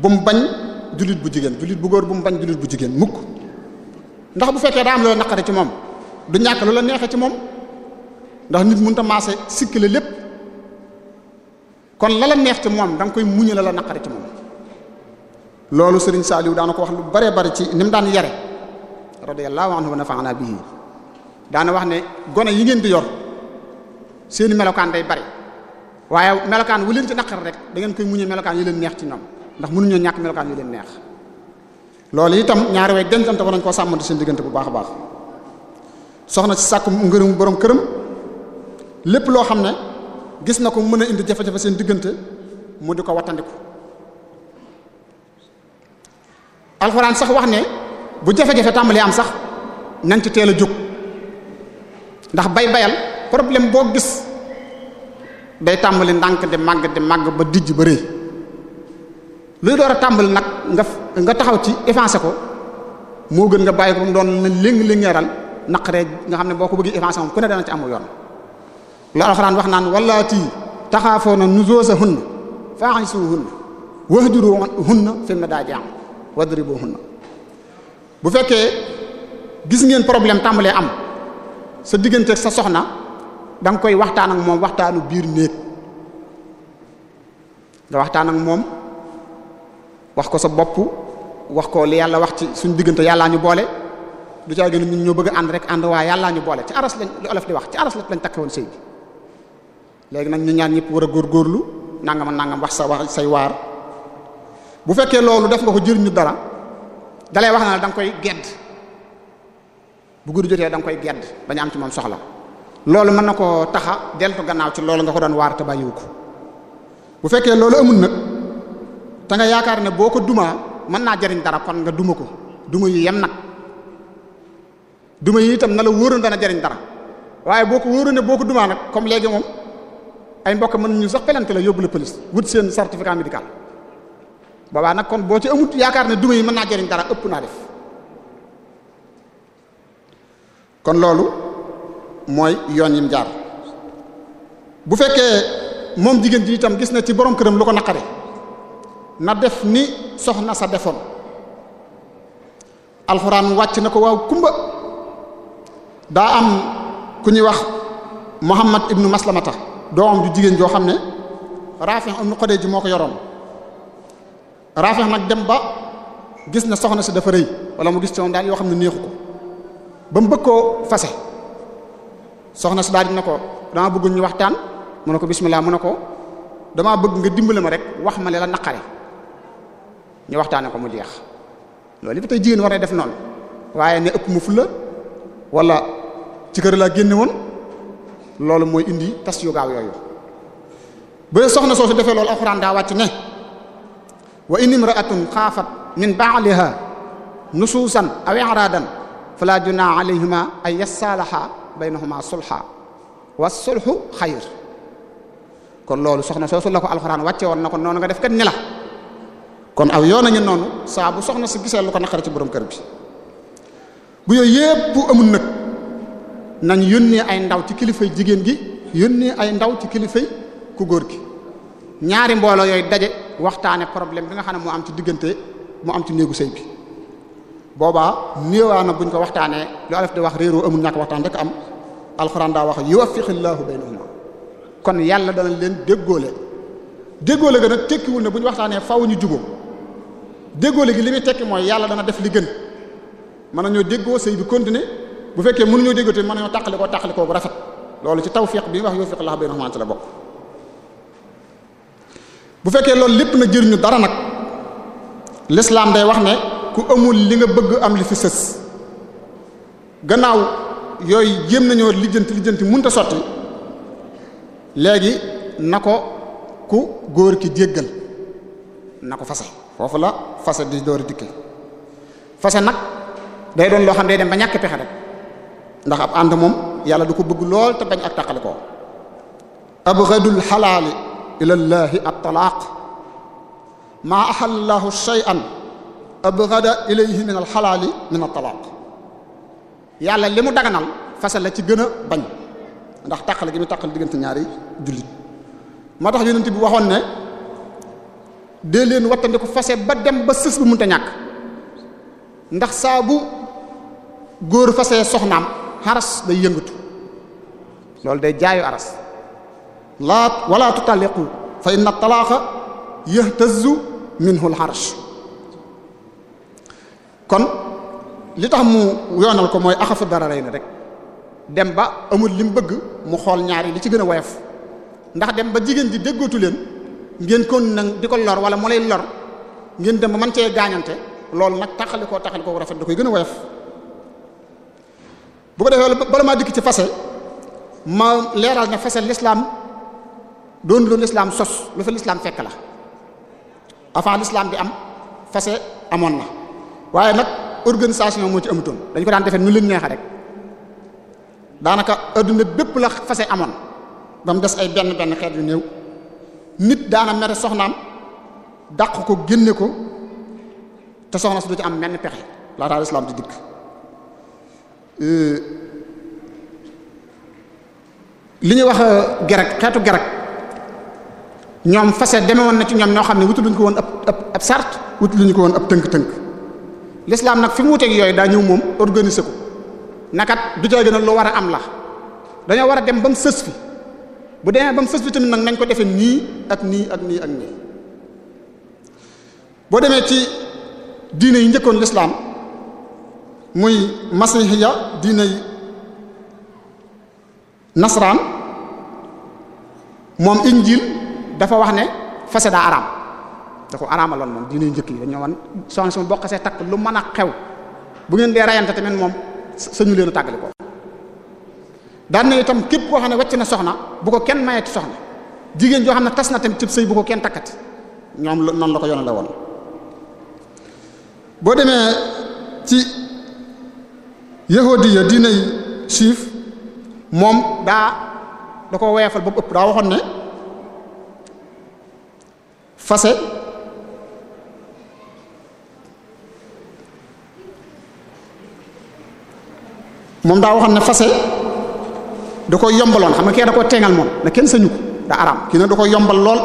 Speaker 3: bu mu bañ jullit bu jigéen jullit bu góor mu bañ jullit bu jigéen mukk ndax bu fekkee daa am loola ci moom du ñàkk loola neexee ci moom ndax nit munta maase sikkile lépp kon la la neex ci moom da nga muñe la la naqari ci moom loolu Serigne Saliou daana ko wax lu bare bari ci ni mu daan yare radiyallahu anhu wa nafa'ana bihi daana wax ne gone yi ngeen di yor seeni melokaan day bari waaye melokaan wu leen ci naqar rek da ngeen koy muñee melokaan yi leen neex ci ñoom ndax mënuñoo ñàkk melokaan yi leen neex loolu itam ñaari way dencante war nañ koo sàmmante seen diggante bu baax a baax soxna ci sàkk ngërëmu borom këram lépp loo xam ne gis na ko mën a indi jafe-jafe seen diggante mu di ko wattandiku alxuraan sax wax ne bu jafe-jafe tàmbalee am sax nañ ci teel a jóg ndax bay bayal problème boo gis day tàmbali ndànk di màgg di màgg ba dijj ba rëy luy door a tàmbali nag nga nga taxaw ci effacé ko moo gën nga bàyyi ko mu doon na léng-léngeeral naqaree nga xam ne boo ko bëggee effacé moom ku ne dana ci amu yoon lu alxuraan wax naan wallaati taxaafoona nuzuuzahunna fa'isuhunna wahjuruhunna fil madaajih wadribuhunna bu fekkee gis ngeen problème tàmbalee am sa diggante sa soxna danga koy waxtaan ak moom waxtaanu biir néeg nga waxtaan ak moom wax ko sa bopp wax ko li yàlla wax ci suñ diggante yàllaa ñu boole du caa gën a ñun ñoo bëgg ànd rek ànd waaye yàllaa ñu boole ci aras lañ olof di wax ci aras lañ takke woon sëy bi léegi nag ñu ñaan ñëpp war a góor góorlu nangam nangam wax sa wax say waar. bu fekkee loolu def nga ko jëriñu dara dalay wax na da nga koy gedd bu guddi jotee da nga koy gedd bañu am ci moom soxla loolu man na ko taxa deltu gannaaw ci loolu nga ko doon waar te bàyyiwu ko bu fekkee loolu amul nag te nga yaakaar ne boo ko dumaa mën naa jariñ dara kon nga duma ko duma yi yem nag duma yi itam na la wóoroon dana jariñ dara waaye boo ko wóoroon ne boo ko dumaa nag comme léegi moom ay mbokk mën ñu sax pelante la yóbbu la police wut seen certificat médical boobaa nag kon boo ci amut yaakaar ne duma yi mën naa jëriñ dara ëpp naa def kon loolu mooy yoon yim jaar bu fekkee moom jigéen ji itam gis na ci boroom këram lu ko naqare na def ni soxna sa defoon alxuraan wàcc na ko waaw kumba daa am ku ñuy wax Muhammad ibnu Maslamata doomam ju jigéen joo xam ne Rafi ibnu Xudeej ji moo ko yoroon raafeex nag dem ba gis na soxna si dafa rëy wala mu gis ci daal yoo xam ne neexu ko ba mu bëgg koo fase soxna si daal di na ko dama bëgg ñu waxtaan mu ne ko bismillah mu ne ko damaa bëgg nga dimbale ma rek wax ma la naqare ñu waxtaane ko mu jeex loolu bi tey jigéen war na def noonu waaye ne ëpp mu fulla wala ci kër laa génne woon loolu mooy indi tas yu yooyu ba soxna soosu defee loolu alxuraan daa wàcc ne wa in imra'atun xaafat min ba'liha nusuusan aw i'raadan fala junaaha alayhima ay yasaalaha baynahuma sulha wa sulhu xayr kon loolu soxna soosu la ko alxuraan wàcce woon na ko noonu nga def kat ni kon aw yoon nañu noonu saa bu soxna si gisee lu ko naqare ci borom kër bi bu yooyu yépp bu amul nañ yónnee ay ndaw ci kilifay jigéen gi yónnee ay ndaw ci kilifay ku góor gi ñaari mbooloo yooyu daje waxtaane problème bi nga xam ne moo am ci diggante mu am ci néegu sëy bi boobaa néewaa na buñ ko waxtaanee lu alaf di wax réeroo amul ñàkk waxtaan rek am alxuraan daa wax yuwaffiqillaahu baynahuma kon yàlla dana leen déggoole déggoole ga nag tekkiwul ne bu ñu waxtaanee faw ñu juboo déggoole gi li muy tekki mooy yàlla dana def li gën mën nañoo déggoo sëy bi continuer bu fekkee mënuñoo déggoo te mën nañoo tàqali koo tàqali koo bu rafet loolu ci tawfiq bi wax yuwaffiqillaahu baynahuma la bokk bu fekkee loolu lépp na ñu dara nag l'islam day wax ne ku amul li nga bëgg am li fi sës gannaaw yooyu jéem nañoo lijjanti lijjanti munta sotti léegi na ko ku góor ki jéggal na ko fase foofu la fase di door dikkee fase nag day doon loo xam day dem ba ñàkk pexe rek ndax ab ànd moom yàlla du ko bëgg lool te bañ ak taqali koo abghadul xalaali ilallaahi attalaaq maa axallaahu shay'an abghada ilayhi min alxalaali min attalaaq yàlla li mu daganal fasal la ci gën bañ ndax tàqale gi mu tàqal diggante ñaari jullit moo tax yonent bu waxoon ne dee leen wattandi ko fase ba dem ba sës bu mënta ñàkk ndax saa bu góor fase soxnaam aras day yëngatu loolu day jaayu aras laa wala tutaliqu fa inna talaaqa yahtazzu minhu al-arsh kon li tax mu yoonal ko mooy axafu dara rey na rek dem ba amul li mu bëgg mu xool ñaari li ci gën a woyof ndax dem ba jigéen di déggootu leen ngeen kon nag di ko lor wala mu lay lor ngeen dem ba mën cee gaañante loolu nag taxali koo taxali koo rafet da koy gën a woyof bu ko defee bala maa dikk ci fase ma leeral ne fase l'islam doon lu lislaam sos lu fa lislaam fekk la avant lislaam bi am fase amoon na waaye nag organisation moo ci amutoon dañ ko daan defee nu leen neexe rek daanaka adduna bépp la fase amoon ba mu des ay benn benn xeet yu néew nit daana mere soxnaam daq ko génne ko te soxna su du ci am menn pexe laataa lislaam di dikk euh, li ñuy wax euh, gerek xeetu gerek ñoom fase deme na ci ñoom ñoo xam ne wutu luñ ko woon ab ab sart wutu ñu ko woon ab tënk-tënk l'islam nag fi mu wuteeg yooyu daa ñëw moom organiser ko nakat du jaage nag lu war a am la dañoo war a dem ba mu sës fi bu demee ba mu fës fi tamit nag nañ ko defee nii ak nii ak nii ak nii boo demee ci diine yi njëkkoon l'islam muy masihiya diine yi nasraan moom injil dafa wax ne fase daa araam da ko araamaloon moom diine njëkk yi dañoo wan soxna su bokkasee takk lu mën a xew bu ngeen dee rayante tamit moom sañu leen a tàggali ko daan na itam képp koo xam ne wecc na soxna bu ko kenn mayeeti soxna jigéen joo xam ne tas na tamit cib sëy bu ko kenn takkati ñoom noonu la ko yoona la woon boo demee ci yahudiya diinay siif moom daa da ko woyefal ba ëpp daa waxoon ne fase moom daa waxoon ne fase da koy yombaloon xam nga kee da teengal moom ne kenn sañu ko da araam kii nag da koy yombal lool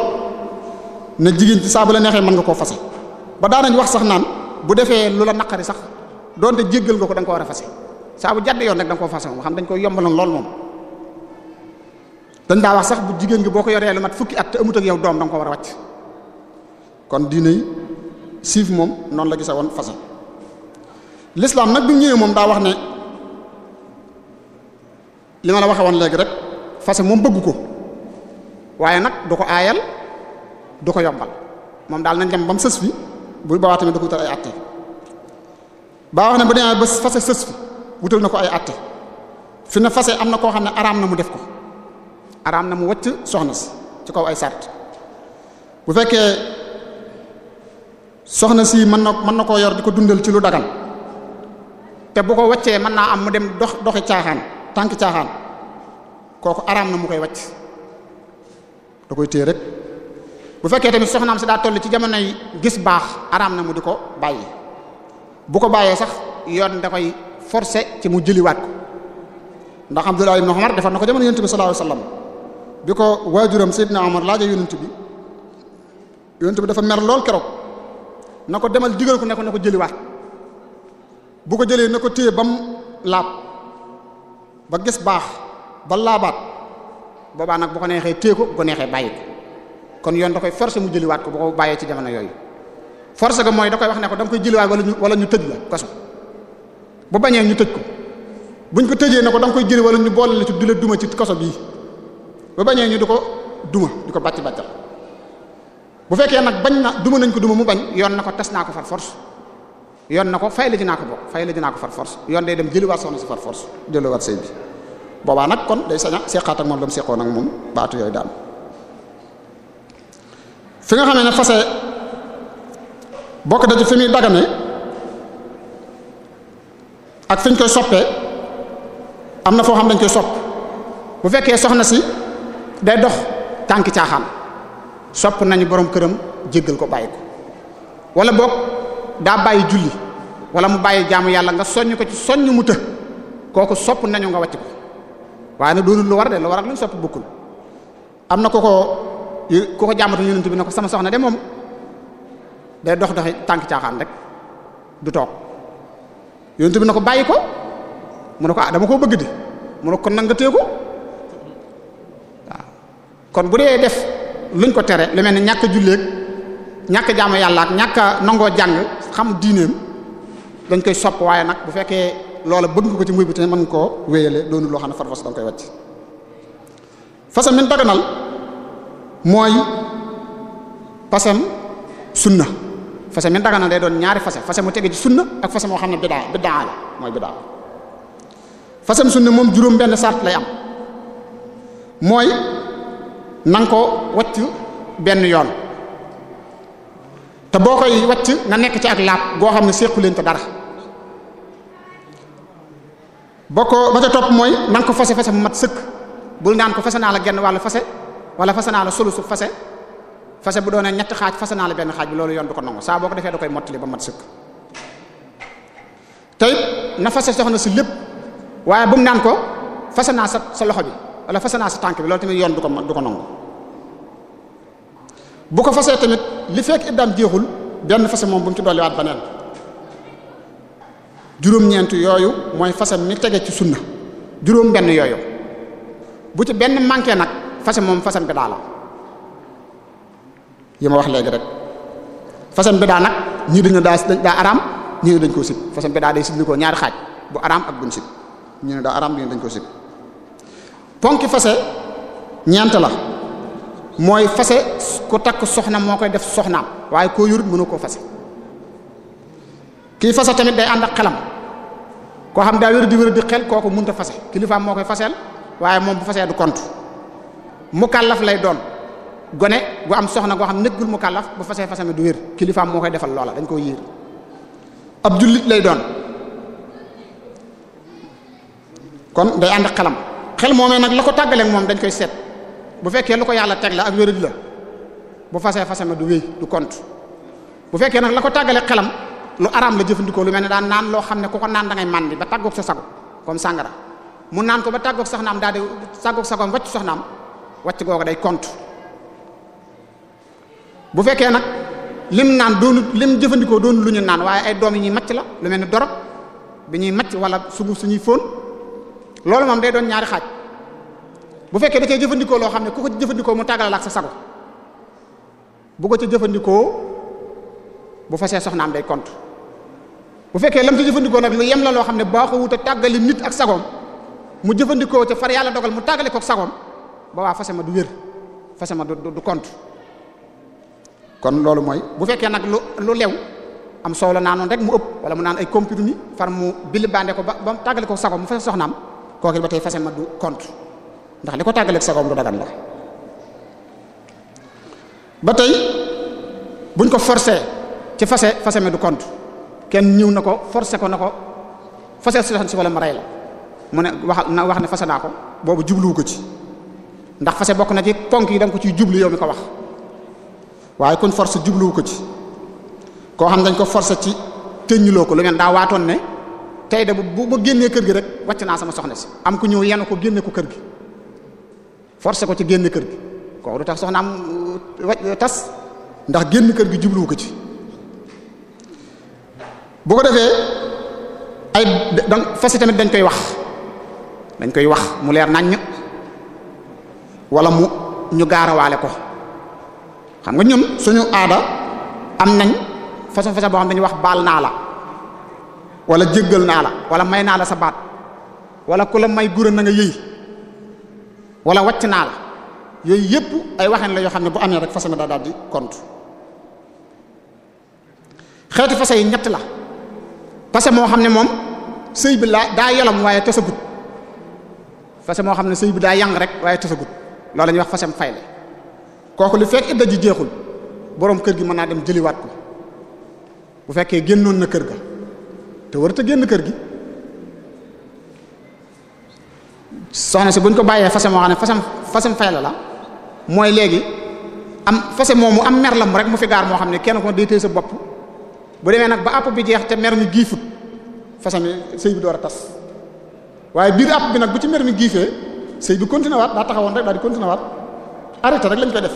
Speaker 3: na jigéen ci saa la neexee mën nga koo fase ba daanañ wax sax naan bu defee lu la naqari sax doonte jéggal nga ko da nga war a fase saa bu jàdd yoon nag da nga koo fase moom xam dañ koy yombaloon lool moom dañ daa wax sax bu jigéen gi boo ko yoree lu mat fukki at te amut ak yow doom da nga war a wàcc kon diine yi siif moom noonu la gisa woon façon l'islam nag bi mu ñëwee moom daa wax ne li ma la waxe woon léegi rek façon moom bëgg ko waaye nag du ko aayal du ko yombal moom daal nañ dem ba mu sës fi bu bawaa tamit da ko wutal ay atte baa wax ne ba bu demee ba fase sës fi wutal na ko ay atte fi ne fase am na koo xam ne araam na mu def ko araam na mu wacc soxna si ci kaw ay sart bu fekkee soxna si mën na mën na koo yor di ko dundal ci lu dagal te bu ko waccee mën naa am mu dem dox doxi caaxaan tànk caaxaan kooku araam na mu koy wacc da koy téye rek bu fekkee tamit soxnaam si daa toll ci jamonoy gis baax araam na mu di ko bàyyi bu ko bàyyee sax yoon da koy forcer ci mu jëliwaat ko ndax Abdullah ibn Umar defar na ko jamono yonent bi sallallahu bi ko waajuram Sayyidina Umar laaja yonent bi yonent dafa mer lool keroog na ko demal digal ko ne ko na ko jëliwaat bu ko jëlee ne ko téye mu laab ba gis baax ba laabaat boobaa nag bu ko neexee téye ko bu ko neexee bàyyi ko kon yoon da koy forcer mu jëliwaat ko bu ko bàyyee ci jamono yooyu forcer ga mooy da koy wax ne ko da koy jëliwaat wala ñu wala ñu tëj la kaso bu bañee ñu tëj ko buñ ko tëjee ne ko da nga koy jëli wala ñu boole la ci du la duma ci kaso bii bu bañee ñu di ko duma di ko bàcc bàccal bu fekkee nag bañ na duma nañ ko duma mu bañ yoon na ko tes naa ko far force yoon na ko fay la dinaa ko bokk fay la dinaa ko far force yoon day dem jëliwaat soxna si far force jëliwaat sëy bi boobaa nag kon day saña seqaat ak moom la mu seqoon ak moom baatu yooyu daal fi nga xamee ne fase bokk da fi muy dagane ak fi ñu koy soppee am na foo xam dañ koy sopp bu fekkee soxna si day dox tànki caaxaan sopp nañu borom këram jéggal ko bàyyi ko wala boog daa bàyyi julli wala mu bàyyi jaamu yàlla nga soññ ko ci soññ mu të kooku sopp nañu nga wàcc ko waaye nag doonul lu war de lu war ak lu ñu sopp bokkul am na ko ko ku ko jàmmatu yonent bi ne ko sama soxna de moom day dox tànk caaxaan rek toog yonent bi ko bàyyi ko mu ne ko ah dama koo bëgg di mu ne ko kon nag nga téye ko kon bu dee def luñ ko tere lu mel ne ñàkk julleeg ñàkk jaamu yàlla ak ñàkk nangoo jàng xam diineem dañ koy sopp waaye nag bu fekkee loola bëgg nga ko ci muy bi te mën koo wéyale doonu loo xam ne farfos koy wàcc fasam min mooy fasam sunna fase min daganal day doon ñaari fase fase mu tege ci sunna ak fase moo xam ne bidaa bidaa la mooy bidaa fasam sunna moom juróom benn sart lay am mooy na nga ko wacc benn yoon te boo koy wacc na nekk ci ak laab goo xam ne séqu leen te dara boo ko ba ca mooy na ko fase fase mu mat sëkk bu naan ko fase naa la genn wàllu fase wala fase naa la solu su fase fase bu doonee ñetti xaaj fase naa la benn xaaj bi loolu yoon du ko nangu saa boo ko defee da koy mottali ba mat sëkk tey na fase soxna si lépp waaye bu naan ko fase naa sa sa loxo bi wala fase naa sa tànk bi loolu tamit yoon du ko du ko nangu bu ko fasee tamit li fekk iddaam jeexul benn fase moom bu mu ci dolliwaat beneen juróom-ñeent yooyu mooy fase mi tege ci sunna juróom-benn yooyu bu ci benn manqué nag fase moom fasan bi daa la yi ma wax léegi rek fasan bi daa nag ñii dañu daa daa araam ñii dañ koo sib fasan bi daa day sib ñaari xaaj bu araam ak buñ sib ñu ne daa araam ñu ne dañ koo sib ponki fase ñeent la mooy fase ko takk soxna moo koy def soxnaam waaye koo yurut mënu koo fase kii fase tamit day ànd ak xelam koo xam daa wér di wér di xel kooku munta fase kilifaam moo koy faseel waaye moom bu fasee du kont mu kàllaf lay doon gone gu am soxna goo xam nekkul mu kàllaf bu fasee fase mi du wér kilifaam moo koy defal loola dañ koo yéer ab jullit lay doon kon day ànd xelam xel moomee nag la ko tàggaleeg moom dañ koy seet bu fekkee lu ko yàlla teg la ak wérad la bu fasee fasama du wéy du compte bu fekkee nag la ko tàggaleeg xelam lu araam la jëfandikoo lu mel ne daan naan loo xam ne ku ko naan da ngay màndi ba tàggoog sa sago comme mu naan ko ba tàggoog soxnaam daal di tàggoog sagoom wàcc soxnaam wàcc googu day compte bu fekkee nag lim naan doonu lim jëfandikoo doonu lu ñu naan waaye ay doom yi ñuy màcc la lu mel ne dorog bi ñuy màcc wala suguf ñuy fóon loolu moom day doon ñaari xaaj bu fekkee da cee jëfandikoo loo xam ne ku ko jëfandikoo mu tàggal la ak ko ca jëfandikoo bu fasee soxnaam day compte bu fekkee lam ci jëfandikoo nag lu yem la loo xam ne baaxoo wut a tàggali nit ak sagoom mu jëfandikoo ca far yàlla dogal mu tàggale ko ak sagoom fase ma du wér fase ma du du kon loolu mooy bu fekkee nag lu lu lew am soow naa naanoon rek mu ëpp wala mu naan ay comprimés far mu bilibande ko ba ba tàggale ko sagoom mu fase soxnaam kooku ba tey fase ma du compte ndax li ko tàggaleeg sagoom du dagan la ba tey buñ ko forcé ci fase fase ma du compte kenn ñëw na ko forcé ko na ko fase si la mu ne wax na wax ne fase naa ko boobu jubluwu ko ci ndax fase bokk na ci ponk yi da ko ciy jublu yow mi ko wax waaye kon force jubluwu ko ci koo xam dañ ko forcé ci tëññuloo ko lu mel daa waatoon ne tey de bu ba génnee kër gi rek wàcc naa sama soxna si am ku ñëw yenu ko génne ku kër gi forcé ko ci génne kër gi kooku du tax soxna am uh, uh, tas ndax génn kër gi jubluwu ko ci bu ko defee ay donc fas tamit dañ koy wax dañ koy wax mu leer naññ wala mu ñu gaarawaale ko xam nga ñun suñu aada am nañ façon façon boo xam dañuy wax baal naa la wala jéggal naa la wala may naa la sa baat wala ku la may gura na nga yëy wala wàcc naa la yooyu yépp ay waxen la yoo xam ne bu amee rek façon daa daal di compte xeeti façon yi ñett la fase moo xam ne moom sëy bi la daa yolom waaye tasagut fase moo xam ne sëy bi daa yang rek waaye tasagut loolu la ñuy wax fasem fayle kooku lu fekk idda ji jeexul boroom kër gi mën naa dem jëliwaat ko bu fekkee génnoon na kër ga te warut a génn kër gi soxna si buñ ko bàyyee fase moo xam ne fasam fasam fay la la mooy léegi am fase moomu am mer la mu rek mu fi moo xam ne kenn ko day téye sa bopp bu demee nag ba àpp bi jeex te mer mi giifut fase mi sëy bi door a tas waaye biir àpp bi nag bu ci mer mi giifee sëy bi continué waat daa taxawoon rek daa di continué waat arrêté rek lañ koy def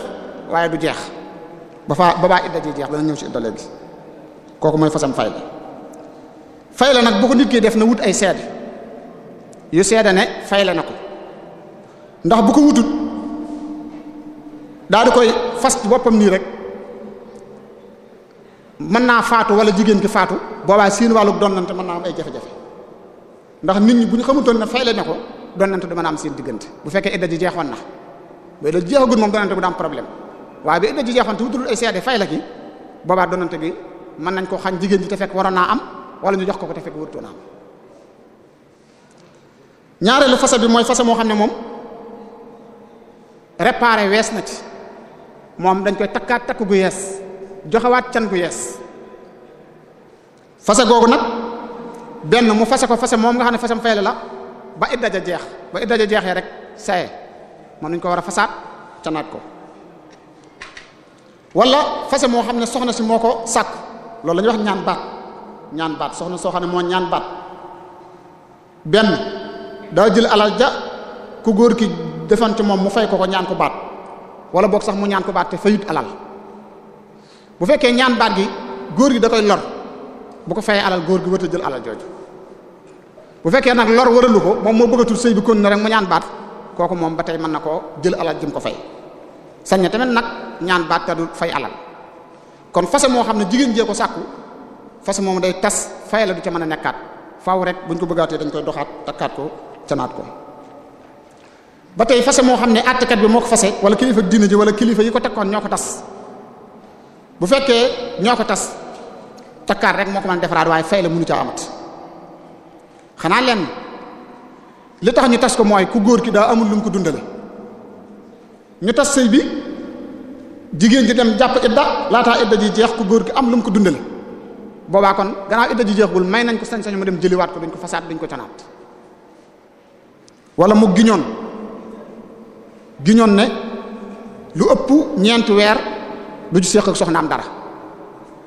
Speaker 3: waaye du jeex ba faa ba baa idda ji jeex dana ñëw ci idda léegi kooku mooy fasam fay la fay la nag bu ko nit ki def na wut ay seede yu seede ne fay la na ko ndax bu ko wutut daa di koy fas boppam nii rek mën naa faatu wala jigéen ki faatu boobaa seen wàllu donnante mën naa am ay jafe-jafe ndax nit ñi bu ñu xamutoon ne fay la ne ko donnante du mën a am seen diggante bu fekkee idda ji jeexoon na ba idda ji jeexagul moom donnante bu da am problème waaye ba idda ji jeexoon te wutul ay seede fay la ki boobaa donnante bi mën nañ koo xañ jigéen ji te waroon naa am wala ñu jox ko ko te fekk wërtu na am ñaareelu fase mooy fase moo xam ne moom réparé wees na ci moom dañ koy takkaat takk gu joxewaat can gu yees fase googu nag benn mu fase ko fase moom nga xam ne fasam fayle la ba idda ja jeex ba idda ja jeexee rek saye mën nañu ko war a fasaat canaat ko wala fase xam ne soxna si moo ko sàkk loolu la wax ñaan baat ñaan baat soxna soo xam ne moo ñaan baat benn daa jël alal ja ku góor ki defante moom mu fay ko ko ñaan ko baat wala boog sax mu ñaan ko baat te fayut alal bu fekkee ñaan baat gi góor gi da koy bu ko fayee alal góor gi wërta jël jooju bu fekkee nag lor waralu ko moom moo bëggatul sëy bi kon na rek mu ñaan baat kooku moom ba tey mën na koo jël alal jëm ko fay sañ na tamit nag ñaan baat te du fay alal kon fase moo xam ne jigéen jee ko sàkku fas moom day tas fay la du ca mën a nekkaat faaw rek buñ ko bëggaatee dañ koy doxaat takkaat ko canaat ko ba tey fase moo xam ne àttekat bi moo ko fase wala kilifa diina ji wala kilifa yi ko tekkoon ko tas fekkee ñoo ko tas takkaat rek moo ko mën a defaraat waaye fay la mënu ca amat xanaa leen li tax ñu tas ko mooy ku góor ki daa amul lu mu ko dundale ñu tas sëy bi jigéen ji dem jàpp idda laataa idda ji jeex ku góor ki am lu mu ko dundale boobaa kon gannaaw idda ji jeexagul may nañ ko sañ-sañ mu dem jëliwaat ko duñ ko fasaat duñ ko canaat wala mu giñoon giñoon ne lu ëpp ñeenti weer du ci séq ak soxnaam dara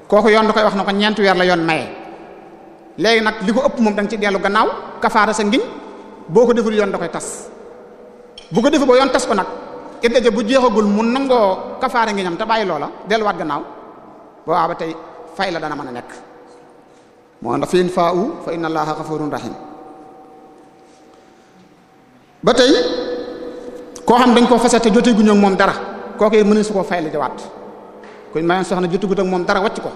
Speaker 3: kooku yoon da koy wax na ko ñeenti weer la yoon maye léegi nag li ko ëpp moom da ci dellu gannaaw kafaara sa ngiñ boo ko deful yoon da koy tas bu ko defee ba yoon tas ko nag idda ja bu jeexagul mu nangoo kafaara ngiñam te bàyyi loola delluwaat gannaaw boobaa ba tey fay la dana mën a nekk moo na fiin faa u fa inna allaha ghafurun rahim ba tey koo xam dañ koo fase te joteeguñu ak moom dara kooku it mënees su koo fay la jawaat kuñ mayoon soxna joteegut ak moom dara wàcc ko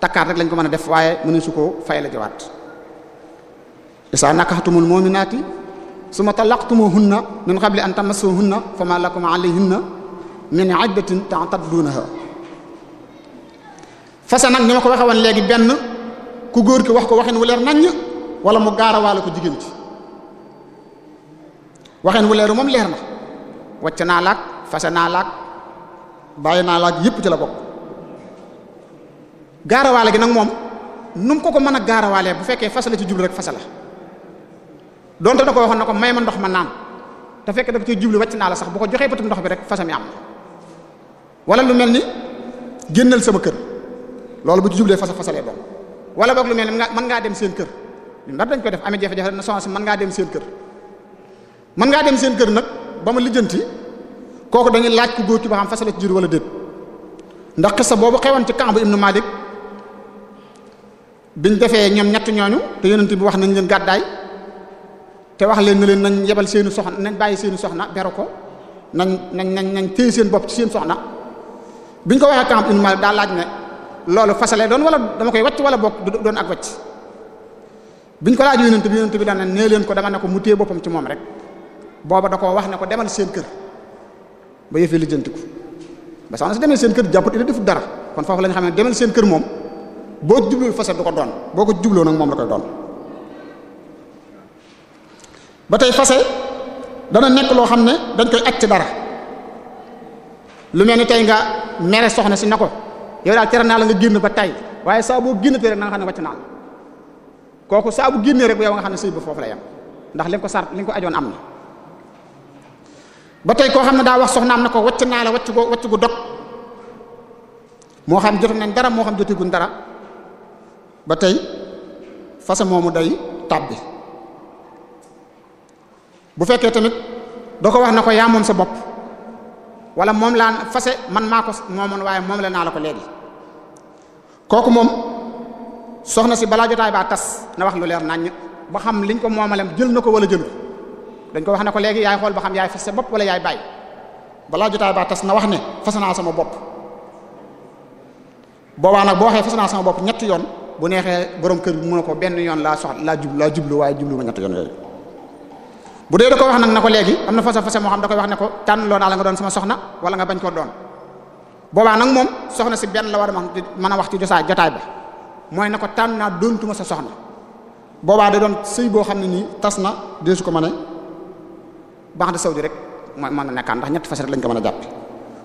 Speaker 3: takkaat rek lañ ko mën a def waaye mënees su koo fay la jawaat isaa nakaxtumul mu'minaati summa talaqtumuhunna min qabli an tamassuhunna fama lakum alayhinna min iddatin ta'taddunaha fase nag ñu ma ko waxe woon benn ku góor ki wax ko waxin wu leer naññ wala mu gaarawaale ko jigéen ci waxin wu leeru moom leer na wàcc naa laag fase naa laag bàyyi naa laag yépp ci la bokk gaarawaale gi nag moom nu mu ko ko mën a gaarawaale bu fekkee fase la ci jublu rek fase la donte da ko waxoon na ko may ma ndox ma naan te fekk da ko ci jublu wàcc naa la sax boo ko joxee bëtum ndox bi rek fase mi am wala lu mel ni génnal sama kër loolu bu ci jublee fase fasalee bokk wala boog lu mel ni mën ngaa dem seen kër ñun dañ ko def amee jafe na soxna si mën ngaa dem seen kër ngaa dem seen kër nag ba ma lijjanti kooku dañuy laaj ku góor ki ba xam fasala ci jur wala déet ndax xissa boobu xewoon ci Ka'b ibn Malik biñ defee ñoom ñett ñooñu te yonent bi wax nañ leen gàddaay te wax leen ne leen nañ yebal seeni soxna nañ bàyyi seeni soxna beru ko nañ nañ nañ nañ seen bopp ci seen soxna biñ ko waxee Ka'b ibn Malik daa laaj ne loolu fasale doon wala dama koy wàcc wala bokk doon ak wàcc biñ ko laaj yonent bi yonent bi daan na nee leen ko dama ne ko mu téye boppam ci rek booba da koo wax ne ko demal seen kër ba yëfee lijjantiku ba demee seen kër jàpput ida defut dara kon foofu lañu xam ne demal seen kër moom boo jubloo fasal du ko doon boo ko jubloo nag moom la koy doon ba tey fase dana nekk loo xam ne dañ koy acc dara lu mel ni tey nga mere soxna si ne ko yow daal tere naa la nga génn ba tay waaye saa boo génnatee rek na nga xam ne wàcc naa la kooku saabu bu génnee rek yow nga xam ne sëy ba foofu la yem ndax li nga ko sar li ko ajoon am na ba tey koo xam ne daal wax soxnaam na ko wàcc naa ne wàcc go wàcc gu dog moo xam jotu nañ dara moo xam joteguñ dara ba tey façon moomu day bi bu fekkee tamit doo wax na ko yaa moom sa bopp wala moom laa fase man maa ko moomoon waaye moom la naa la ko léegi kooku moom soxna si balaa jotaay baa tas na wax lu leer naññ ba xam liñ ko moomalem jël na ko wala jël dañ ko wax ne ko léegi yaay xool ba xam yaay fas se bopp wala yaay baay balaa jotaay baa tas na wax ne fas naa sama bopp boobaa nag boo waxee fas naa sama bopp ñetti yoon bu neexee borom kër bi mën na ko benn yoon laa soxla laa jublu laa jublu waaye jublu ma ñetti yoon yooyu bu dee da ko wax nag na ko léegi am na fase fase moo xam da koy wax ne ko tànn loo naa la nga doon sama soxna wala nga bañ koo doon boobaa nag moom soxna si benn la war a mën a wax ci josaa jotaay ba mooy ne ko tànn naa doontuma sa soxna boobaa da doon sëy boo xam ne nii tas na dee ko ma a baax de saw di rek mooy ma nga nekkaan ndax ñetti fas lañ ko mën a jàpp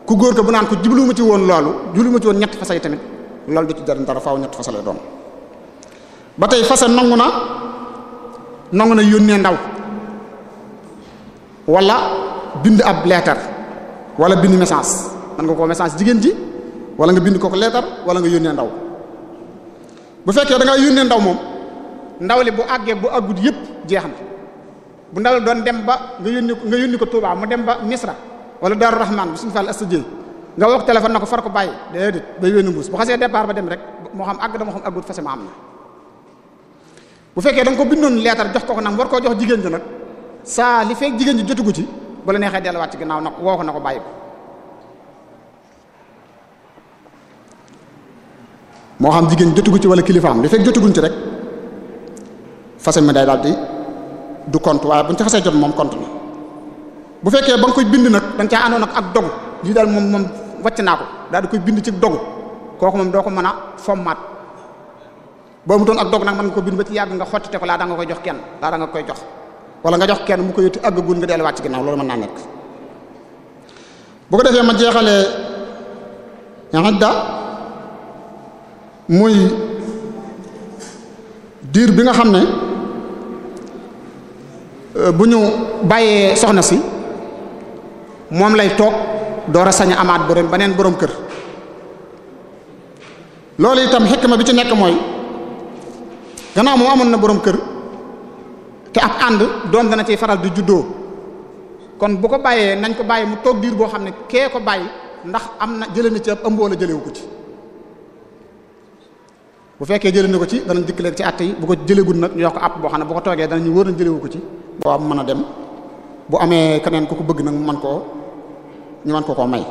Speaker 3: ku góor ko bu naan ko jubluwuma ci woon loolu jubluwuma ci woon ñetti fas yi tamit loolu da ci jariñ dara faw ñetti fas lay doon ba tey fase nangu na nangu na yónnee ndaw walla bind ab leetar walla bind message man nga koo message jigéen ji wala nga bind ko ko leetar wala nga yónnee ndaw bu fekkee da nga yónnee ndaw moom ndaw li bu àggee bu àggut yëpp jeex na bu ndaw li doon dem ba nga yónni nga yónni ko Touba mu dem ba Misra wala Daaru Rahman bi suñu fàll astadiëy nga woo ko téléphone na ko far ko bàyyi déedéet bay wéenu mbuus bu xasee départ ba dem rek moo xam àgg dama xam àggut fase ma am na bu fekkee da nga ko bindoon leetar jox ko ko nag war koo jox jigéen ji nag saa li fekk jigéen ji jotugu ci bu la neexee delluwaat ci ginnaaw na woo ko ko bàyyi moo xam jigéen jotugu ci wala kilifaam li fekk jotuguñ ci rek fase mi day daal di du compte waaye buñ ci xasee jot moom compte bu fekkee ba nga koy bind nag da nga caa àndoon ak dogu lii daal moom moom wàcc naa ko daal koy bind ci dogu kooku moom doo ko mën a fommaat boo mu doon ak dog nag mën ko bind ba ci nga xottite ko laa da nga koy jox kenn laa nga koy jox wala nga jox kenn mu ko yëti àggagul nga delluwaat ci ginnaaw loolu mën naa nekk bu ko defee ma jeexalee ñaxaj da muy diir bi nga xam ne euh, bu ñu bàyyee soxna si moom lay toog door a sañ a amaat borom beneen borom kër loolu itam xikma bi ci nekk mooy gannaaw moom amoon na borom kër te ab ànd doom dana ciy faral di juddoo kon bu ko bàyyee nañ ko bàyyi mu toog diir boo xam ne kee ko bàyyi ndax am na jële na ci ab ëmb wala jëlewu ko ci. bu fekkee jëlee na ko ci danañ dikk leen ci àtte yi bu ko jëlegul nag ñu wax ko boo xam ne bu ko toogee danañu wër nañ jëlewu ko ci boo am mën a dem bu amee keneen ku ko bëgg nag mu mën koo ñu mën ko koo may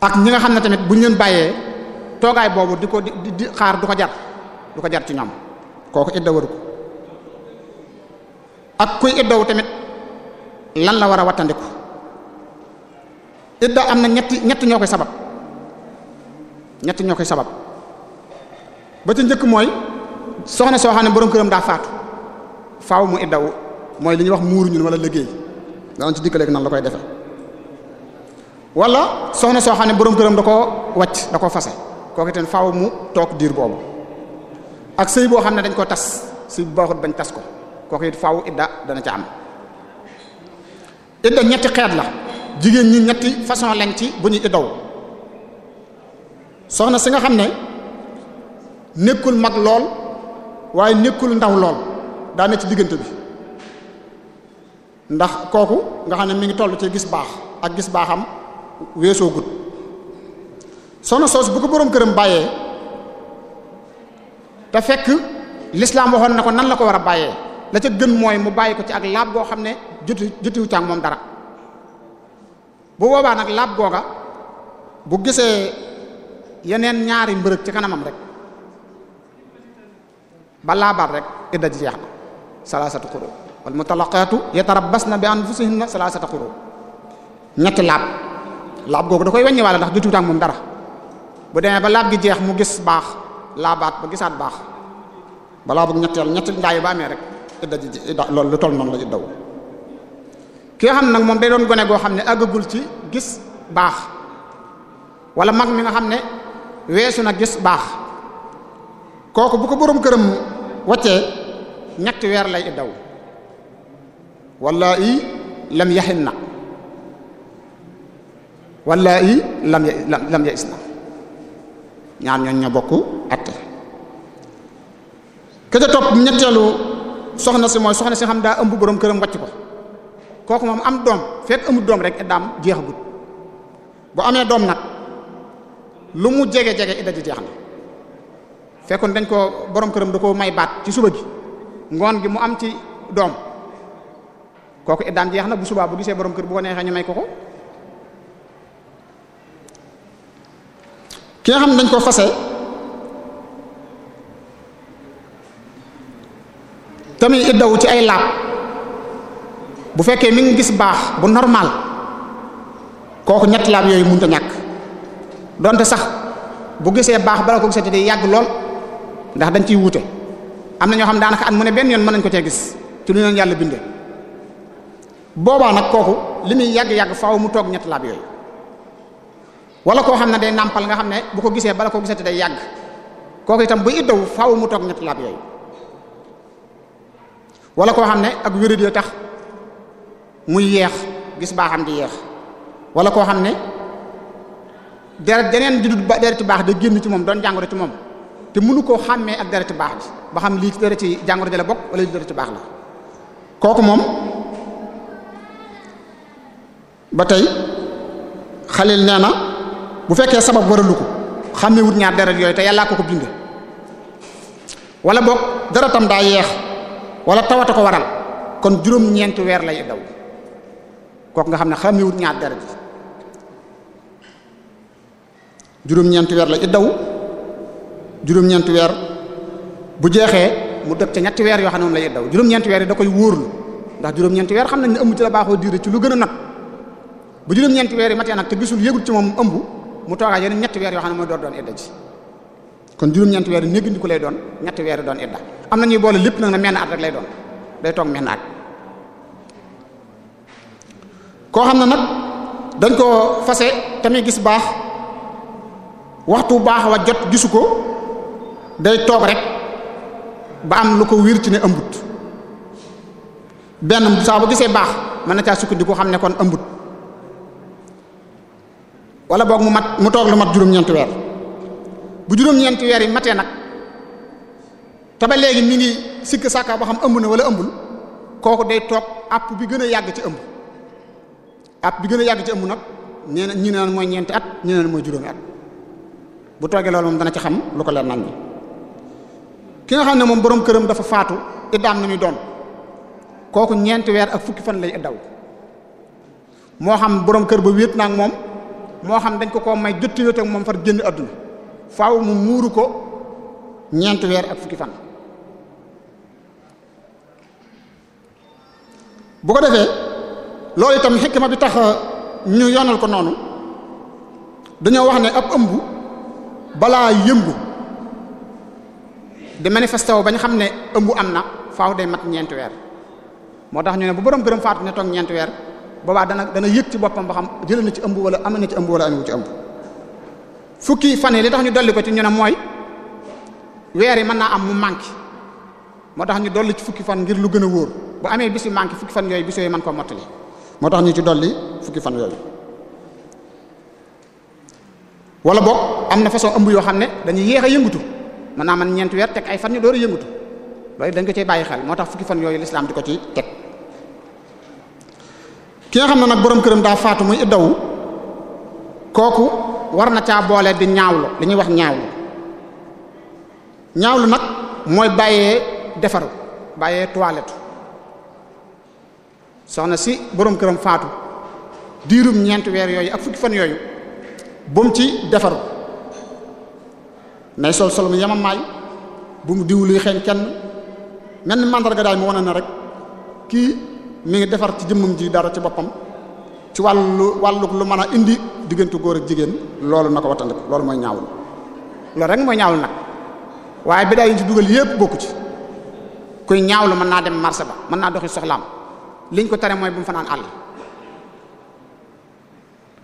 Speaker 3: ak ñi nga xam ne tamit bu ñu leen bàyyee toogaay boobu di ko di di xaar du ko jar du ko jar ci ñoom kooku idda waru ko ak kuy iddawu tamit lan la war a wattandiku idda am na ñetti ñetti ñoo koy sabab ñetti ñoo koy sabab ba ca njëkk mooy soxna soo xam ne borom këram daa faatu faaw mu iddawu mooy li ñuy wax muuru ñun wala liggéey danañ ci dikkaleeg nan la koy defee soxna soo xam ne borom këram da koo wàcc da koo fase kooku itam mu toog diir boobu ak sëy boo xam ne dañ ko tas sëy bu baaxut tas ko kooku it faaw dana ca am idda xeet la jigéen ñi ñetti façon lañ ci bu ñuy iddaw soxna si nga xam ne. nekkul mag lool waaye nekkul ndaw lool daa ne ci diggante bi ndax kooku nga xam ne mi ngi toll ci gis baax ak gis baaxam weesoo gut soxna soos bu ko boroom këram bàyyee te fekk lislaam waxoon na ko nan la ko war a bàyyee la ca gën mooy mu bàyyi ko ci ak laab goo xam ne jotu jotiwu caag moom dara bu boobaa nag laab googa bu gisee yeneen ñaari mbërëg ci kanamam rek ba laabaat rek idda ji jeex na salaasatu quru wal bas na bi anfusihinna salaasatu quru ñetti laab laab googu da koy weññi walla ndax jotuwut ak moom dara bu demee ba laab gi jeex mu gis baax laabaat ba gisaat baax balaa bëgg ñetteel ñetti ndaayu ba amee rek idda ji idda loolu lu toll noonu la iddaw ki nga xam nag moom day doon gone goo xam ne àggagul ci gis baax wala mag mi nga xam ne weesu na gis baax kooku bu ko boroom këram waccee ñetti weer lay iddaw walla i lam yaxin na walla i lam lam ya is na ñaar ñooñ ñoo bokk atte ke ca topp ñetteelu soxna si mooy soxna si xam daa am bu boroom këram wacc ko kooku moom am doom fekk amul doom rek iddaam jeexagut bu amee doom nag lu mu jege jege idda ji jeex na fekkoon dañ ko borom këram da ko may baat ci suba gi ngoon gi mu am ci doom kooku daan jeex na bu subaa bu gisee borom kër bu ko neexee ñu may ko ko ki xam ne dañ ko fase tamit daw ci ay laab bu fekkee mi ngi gis baax bu normal kooku ñett laab yooyu mënut a ñàkk donte sax bu gisee baax bala ko gisati day yàgg lool ndax dañ ciy wuute am na ñoo xam daanaka am mu ne benn yoon mën nañ ko cee gis ci lu ñu yàlla binde boobaa nag kooku li muy yàgg-yàgg faaw mu toog ñett laab yooyu wala koo xam ne day nàmpal nga xam ne bu ko gisee bala ko gisati day yàgg kooku itam bu iddaw mu toog ñett laab yooyu koo xam ne ak wérid yoo tax muy yeex gis baaxam di yeex wala koo xam ne deret jeneen di dut deret baax da génn ci moom doon jàngoro ci moom te mënu koo xàmmee ak dara baax bi ba xam lii ci ci jàngoro ja la bokk wala lii dara ci baax la kooku moom ba tey xalil nee na bu fekkee sabab waralu ko xàmmewut ñaar deret yooyu te yàllaa ko ko bind wala boog deretam daa yeex wala tawata ko waral kon juróom-ñeenti weer lay daw kooku nga xam ne xàmmewut ñaar deret yi juróom-ñeenti weer la i daw juróom-ñeenti weer bu jeexee mu dëkk ca ñetti weer yoo xam ne moom lay daw juróom-ñeenti weer yi da koy wóorlu ndax juróom-ñeenti weer xam nañ ne ëmb ci la baaxoo diire ci bu juróom-ñeenti weer yi matee nag te gisul yëgut ci moom ëmb mu toogaa yeneen ñetti weer yoo xam ne mooy door doon idda ji kon juróom-ñeenti weer yi néggandiku lay doon ñetti weer yi doon idda am na ñuy boole lépp nag na menn at rek lay doon day toog menn at koo xam ne nag dañ ko fase tamit gis baax waxtu baax wa jot gisu ko day toog rek ba am lu ko wir ci ne ëmbut benn saa bu gisee baax mën na caa sukkandiku xam ne kon ëmbut wala boog mu mat mu toog lu mat juróom-ñeenti bu juróom-ñeenti weer yi matee nag te ba léegi mi ngi sikk sàkka ba xam ëmb na wala ëmbul kooku day toog àpp bi gën a yàgg ci ëmb àpp bi gën a yàgg ci ëmb nag nee na ñi naan mooy ñeenti at ñi naan mooy juróomi at bu toogee loolu moom dana ci xam lu ko leer nañ ki nga xam ne moom borom këram dafa faatu iddaam daan muy doon kooku ñeenti weer ak fukki fan lay daw moo xam borom kër ba wéet na ak moom moo xam dañ ko ko may jotti wéet ak moom far génn àdduna faaw mu muuru ko ñeenti weer ak fukki fan. bu ko defee loolu itam ma bi tax ñu yoonal ko noonu dañoo wax ne ab ëmb balaa yëmb. di manifesté wu ba ñu xam ne ëmb am na faaw day mat ñeenti weer moo tax ñu ne bu borom këram faatu ne toog ñeenti weer boobaa dana dana yëg ci boppam ba xam jëlee na ci ëmb wala am na ci ëmb wala amewu ci ëmb fukki fan yi li tax ñu dolli ko mooy weer mën naa am mu manqué moo tax ñu dolli ci fukki fan ngir lu gën a wóor bu amee bis yu manqué fukki fan yooyu bis yooyu mën koo mottali moo tax ñu ci dolli fukki fan yooyu wala boog am na façon ëmb yoo xam ne dañuy yéex a yëngatu. mën naa man ñeenti weer teg ay fan ñu door a yëngatu loolu dañ ko cay bàyyi xel moo tax fukki fan yooyu lislaam ko ci teg ki nga xam ne nag borom këram daa faatu muy iddawu kooku war na caa boole di ñaawlu li ñuy wax ñaawlu ñaawlu nag mooy bàyyee defaru bàyyee toilette soxna si borom këram faatu diirum ñeenti weer yooyu ak fukki fan yooyu bum ci defaru nay sol solum yamamaay bu mu diw luy xeeñ kenn mel ni màndarga daal mu wane na rek kii mi ngi defar ci jëmmam ji dara ci boppam ci wàllu wàllu lu mën a indi diggante góor ak jigéen loolu na ko wattandiku loolu mooy ñaawul loolu rek mooy ñaawul nag waaye bi bidaa yi ñu ci dugal yépp bokku ci kuy ñaawlu mën naa dem marché ba mën naa doxi soxlaam liñ ko tare mooy bu mu fanaan àll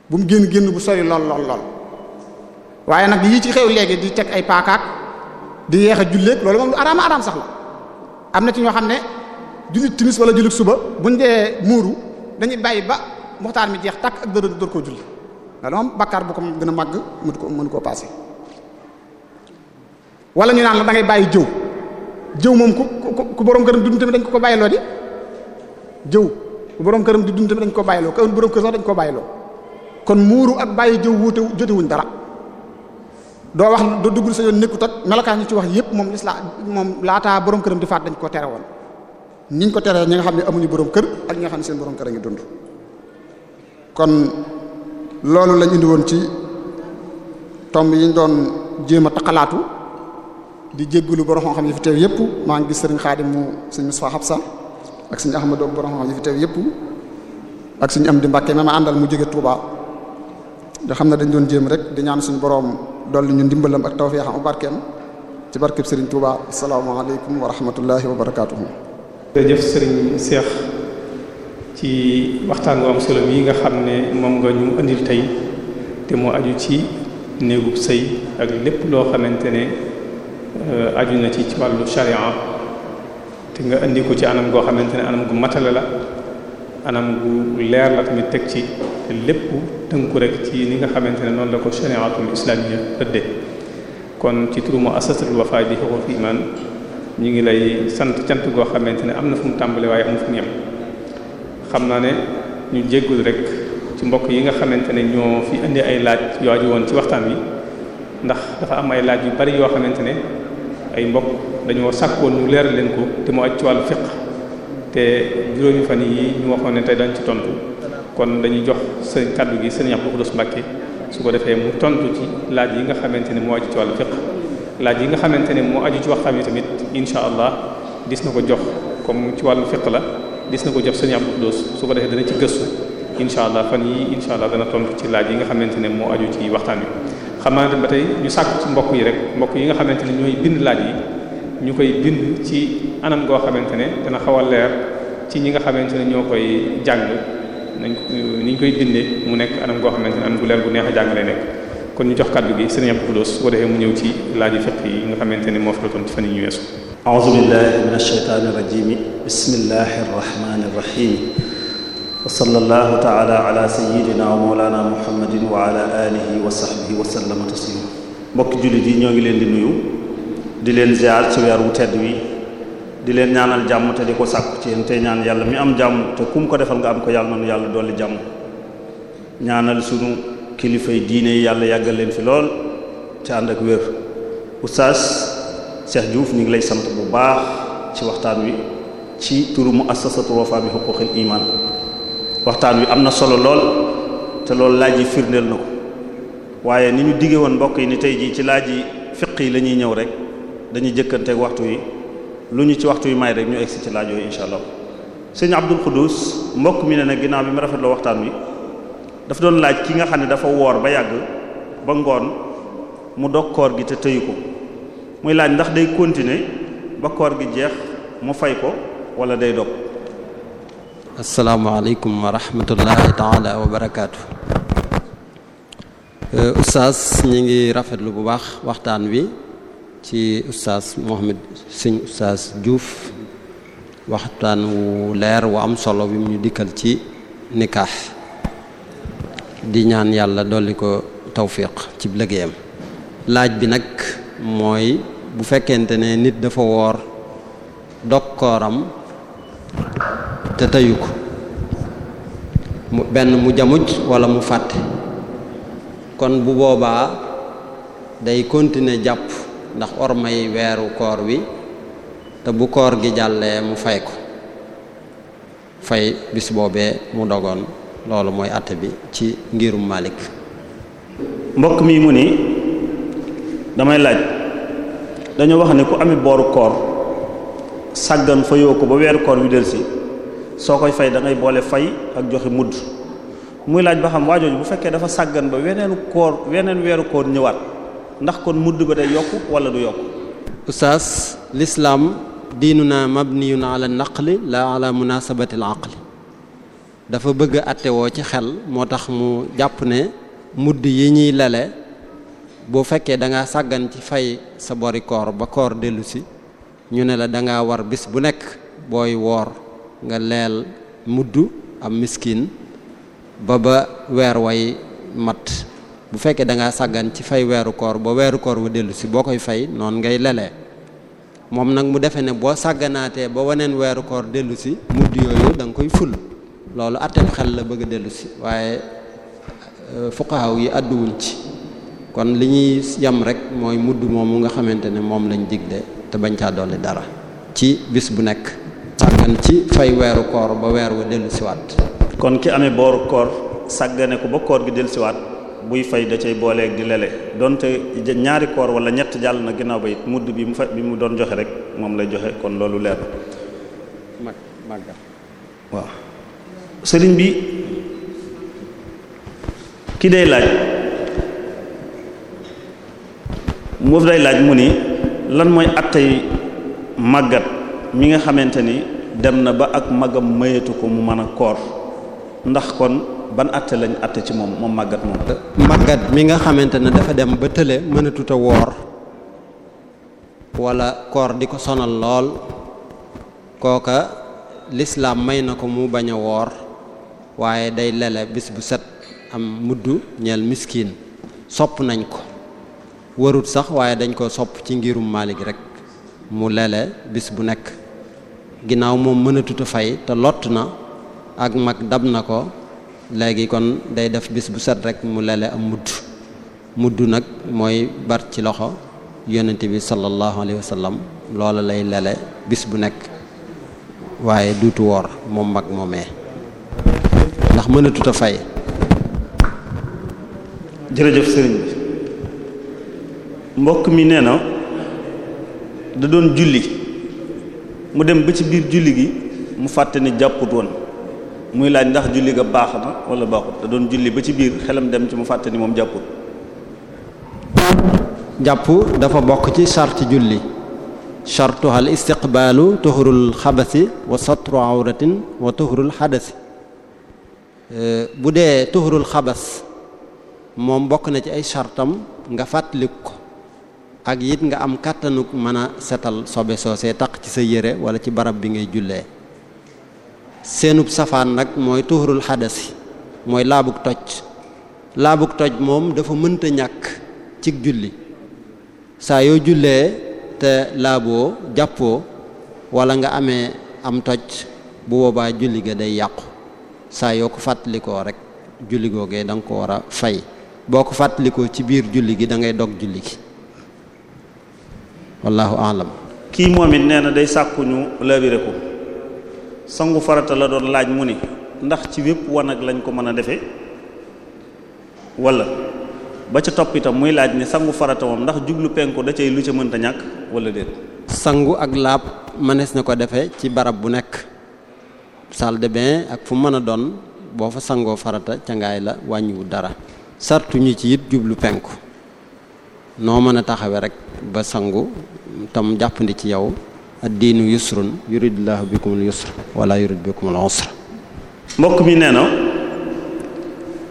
Speaker 3: bu mu génn génn bu sori lool lool lool waaye nag yi ci xew léegi di teg ay paakaak di yeex a julleeg loolu moom lu araama araam sax la am na ti ñoo xam ne jullit timis wala jullit suba bu dee muuru dañuy bàyyi ba muxtaar mi jeex takk ak dër dër koo julli loolu moom bakkaar bu ko gën a màgg mënu ko mënu koo passé wala ñu naan la da bàyyi jëw jëw moom ku ku borom këram di dund dañ ko ko bàyyiloo di jëw ku borom këram di dun tamit dañ ko bàyyiloo ku borom kër dañ ko bàyyiloo kon muuru ak bàyyi jëw wuute jotewuñ dara doo wax doo dugg sa yoon nekkut ak melokaan ñu ci wax yépp moom lislaa moom laataa borom këram di faat dañ ko tere woon niñ ko teree ñi nga xam ne amuñu borom kër ak ñi nga xam ne seen borom kër a ngi loolu lañ indi woon ci tomb yi ñu doon jéem a taxalaatu di jéggulu borom xam-xam yi fi teew maa ngi gis sëriñ Xaadim mu sëriñ Musaa Xabsa ak sëriñ Ahmadu borom xam-xam yi fi teew yépp ak sëriñ Amdi Mbàkke ma àndal mu jóge Tuubaa nga xam ne dañ doon jéem rek di ñaan suñu borom. dolli ñu ndimbalam ak tawfeexam u barkeem
Speaker 2: ci barkeb Serigne Touba asalaamaaleykum wa rahmatullahi wa barakaatuhu. jërëjëf Serigne Cheikh ci waxtaan wu am solo yi nga xam ne moom nga ñu andil tey te moo aju ci néegub sëy ak lépp loo xamante ne euh, aju na ci ci wàllu charia te nga andi ko ci anam goo xamante ne anam gu matale la anam gu leer la tamit teg ci. te lépp tënku rek ci ni nga xamante ne noonu la ko shari'atul islamiyya tëdde kon ci turu muassasatul Wafa di xoxo fi iman ñu ngi lay sant cant goo xamante ne am na fu tàmbali tàmbale waaye xam naa ne ñu jéggul rek ci mbokk yi nga xamante ne ñoo fi indi ay laaj yoo woon ci waxtaan wi ndax dafa am ay laaj yu bari yoo xamante ne ay mbokk dañoo sàkkoon ñu leeral leen ko te mu aj ci wàll fiq te juróomi fan yi ñu waxoon ne tey dañ ci tontu kon dañuy jox sëriñ kàddu gi sëriñ Abdou Khoudoss Mbacké su ko defee mu tontu ci laaj yi nga xamante ne moo aju ci laaj yi nga xamante ne moo aju ci waxtaan yi tamit incha allah dis na ko jox comme ci wàllu fiq la dis na ko jox sëriñ Abdou Khoudoss su ko defee dana ci gëstu incha allah fan yii incha allah dana tontu ci laaj yi nga xamante ne moo aju ci waxtaan bi xam naa ne ba tey ñu sàkk ci mbokk yi rek mbokk yi nga xamante ne ñooy bind laaj yi ñu koy bind ci anam goo xamante ne dana xaw a leer ci ñi nga xamante ne ñoo koy jàng nañ euh, ni ñu koy dindee mu nekk anam goo xamante ne anam gu leer bu neex a jàngale nekk kon ñu jox kàddu gi sëriñ Abdou Khoudoss su ko defee mu ñëw ci laaji yi nga xamante ne moo fi doon ci fan yi ñu weesu a'udhu billahi a shaytanir
Speaker 4: rajim bismillahir rahmanir rahim wa sallallahu ta'ala ala sayyidina wa mawlana muhammadin wa wa wa sallama taslima mbokki jullit yi ñoo ngi leen di nuyu di leen ziar ci weer wu tedd wi di leen ñaanal jàmm te di ko sàkku ci yéen tey ñaan yàlla mi am jàmm te kum ko defal nga am ko yàlla noonu yàlla dolli jàmm ñaanal sunu kilifay diine yàlla yàggal leen fi lool te ànd ak wér oustaz Cheikh Diouf ñu ngi lay sant bu baax ci waxtaan wi ci turu mu assasatu Wafa bi huquqil iman waxtaan wi am na solo lool te loolu laaj yi firndeel na ko waaye ni ñu digge woon mbokk yi ni tey jii ci laaj yi fiq yi lañuy ñëw rek dañuy jëkkanteeg waxtu yi lu ñu ci waxtu yu may rek ñu egsi ci laaj yooyu incha allah sëñ Abdul Xudus mbokk mi ne na ginnaaw bi mu rafetloo waxtaan wi dafa doon laaj ki nga xam ne dafa woor ba yàgg ba ngoon mu dog koor gi te tëyu ko muy laaj ndax day continuer ba koor gi jeex mu fay ko wala day dog
Speaker 1: asalaamaaleykum wa rahmatullahi taala wa barakaatu euh, ustaas ñu ngi rafetlu bu baax waxtaan wi ci oustaz Mohamed sëñ oustaz Diouf waxtaan wu leer wu am solo bi mu ñu dikkal ci nikaas di ñaan yàlla dolli ko tawfiq ci liggéeyam laaj bi nag mooy bu fekkente ne nit dafa woor dog te teyu ko benn mu jamuj walla mu fàtte kon bu boobaa day continuer jàpp ndax ormay weeru koor wi te bu koor gi jàllee mu fay ko fay bis boobee mu dogoon loolu mooy àtte bi ci ngirum
Speaker 4: Malik mbokk mi mu ni damay laaj dañoo wax ne ku amee booru koor sàggan fayoo ko ba weeru koor wi si soo koy fay dangay boole fay ak joxe mudd muy laaj ba xam waajooju bu fekkee dafa sàggan ba weneenu koor weneen weeru koor ñëwaat ndax kon mudd ba day yokk wala du yokk
Speaker 1: ustaas lislaam naa mabniyun ala naqli la ala munasabati al aqli dafa bëgg attewoo ci xel moo tax mu jàpp ne mudd yi ñuy lale boo fekkee da sàggan ci fay sa bori koor ba koor dellu ñu ne la danga war bis bu nekk booy woor nga leel mudd am miskin ba ba weer way mat bu fekkee da ngaa sàggan ci fay weeru koor ba weeru koor wu dellu si boo koy fay noonu ngay lelee moom nag mu defee ne boo sàgganaatee ba waneen weeru koor dellu si mudd yooyu da loolu atteem la bëgg a si waaye euh, fuqahaw yi àdduwuñ ci kon li ñuy yam rek mooy mudd moomu nga xamante ne moom lañ digle te bañ caa dolli dara ci bis bu nekk sàggan ci fay
Speaker 4: weeru ba weer wu dellu siwaat kon ki amee booru koor sàggane ko ba koor gi dellu siwaat buy fay da cay booleeg di lele donte ñaari koor wala ñett jàll na ginnaaw ba it mudd bi mu fa bi mu doon joxe rek moom lay joxe kon loolu leer
Speaker 1: mag màggal
Speaker 4: waaw sëriñ bi ki day laaj moof day laaj mu ni lan mooy attey màggat mi nga xamante ni dem na ba ak magam mayeetu ko mu mën a koor ndax kon. ban atte lañu atte ci moom moom màggat moom màggat mi nga xamante ne dafa dem ba tële mënatuta woor
Speaker 1: wala koor di ko sonal lool kooka lislaam may na ko mu bañ a woor waaye day lele bis bu set am mudd ñeel miskin sopp nañ ko warut sax waaye dañ koo sopp ci ngirum maalik rek mu lele bis bu nekk ginnaaw moom mënatut a fay te lott na ak mag dab na ko léegi kon day def bis bu set rek mu lele am mudd mudd nag mooy bar ci loxo yonent bi sallallahu alayhi wa loola lay lele bis bu nekk waaye duutu woor moom mag moomee ndax mënatut a fay
Speaker 4: jërëjëf mbokk mi nee na da doon julli mu dem ba ci biir julli gi mu fàtte ne jàpput woon muy laaj ndax julli ga baax na wala baaxut da doon julli ba ci biir xelam dem ci mu fàtte ni moom jàppul
Speaker 1: jàpp dafa bokk ci sart julli shartuha al istiqbaalu tuhurul xabasi wa satru awratin wa tuhurul xadasi bu dee tuhurul xabas moom bokk na ci ay shartam nga fàttaliku ko ak it nga am kàttanuk mën a setal sobe soosee taq ci sa yére wala ci barab bi ngay jullee seenub safaan nag mooy tuhrul xadasi mooy laabug toj laabug toj moom dafa mënta ñàkk cig julli saa yoo jullee te laaboo jàppoo wala nga amee am toj bu boobaa julli ga day yàqu saa yoo ko fàttalikoo rek julli googee da nga ko war a fay boo ko fàttalikoo ci biir julli gi dangay dog julli gi wallaahu alam
Speaker 4: kii moom nee na day sàkku ñu ko sangu farata la doon laaj mu ne ndax ci wépp wanag lañ ko mën a defee wala ba ca topp muy laaj ne sangu farata moom ndax jublu penku da cay lu ca mënta ñàkk wala déet.
Speaker 1: sangu ak laab mënees na ko defee ci barab bu nekk salle de ak fu mën a doon boo fa sangoo farata cangaay la wàññiwu dara. sartu ñi ci it jublu penku noo mën a taxawe rek ba sangu tam jàppandi ci yow. addiinu yusrun yuridullahu bikumul yusra wala yurid
Speaker 4: bikumul usra mbokk mi nee na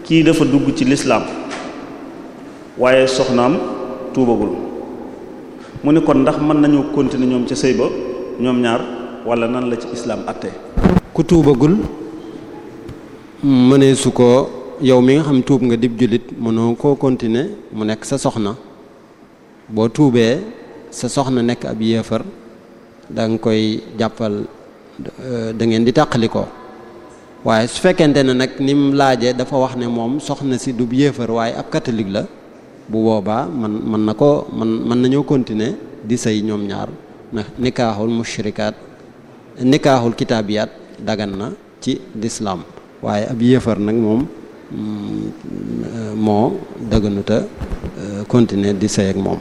Speaker 4: kii dafa dugg ci lislaam waaye soxnaam tuubagul mu ne kon ndax mën nañu continuer ñoom ca sëy ba ñoom ñaar wala nan la ci islaam atte
Speaker 1: ku tuubagul mënee ko yow mi nga xam tuub nga dib jullit mënoo koo kontine mu nekk sa soxna boo tuubee sa soxna nekk ab yéefar da nga koy jàppal euh, da ngeen di tàqalikoo waaye su fekkente ne nag nim mu laajee dafa wax ne moom soxna si du yéefar waaye ab katolik la bu boobaa man mën na ko man mën nañoo continuer di sëy ñoom ñaar ndax nikaaxul mushrikaat nikaaxul kitaabiyaat dagan na ci lislaam waaye ab yéefar nag moom mm, moo dëgganuta euh, continuer di sëy ak moom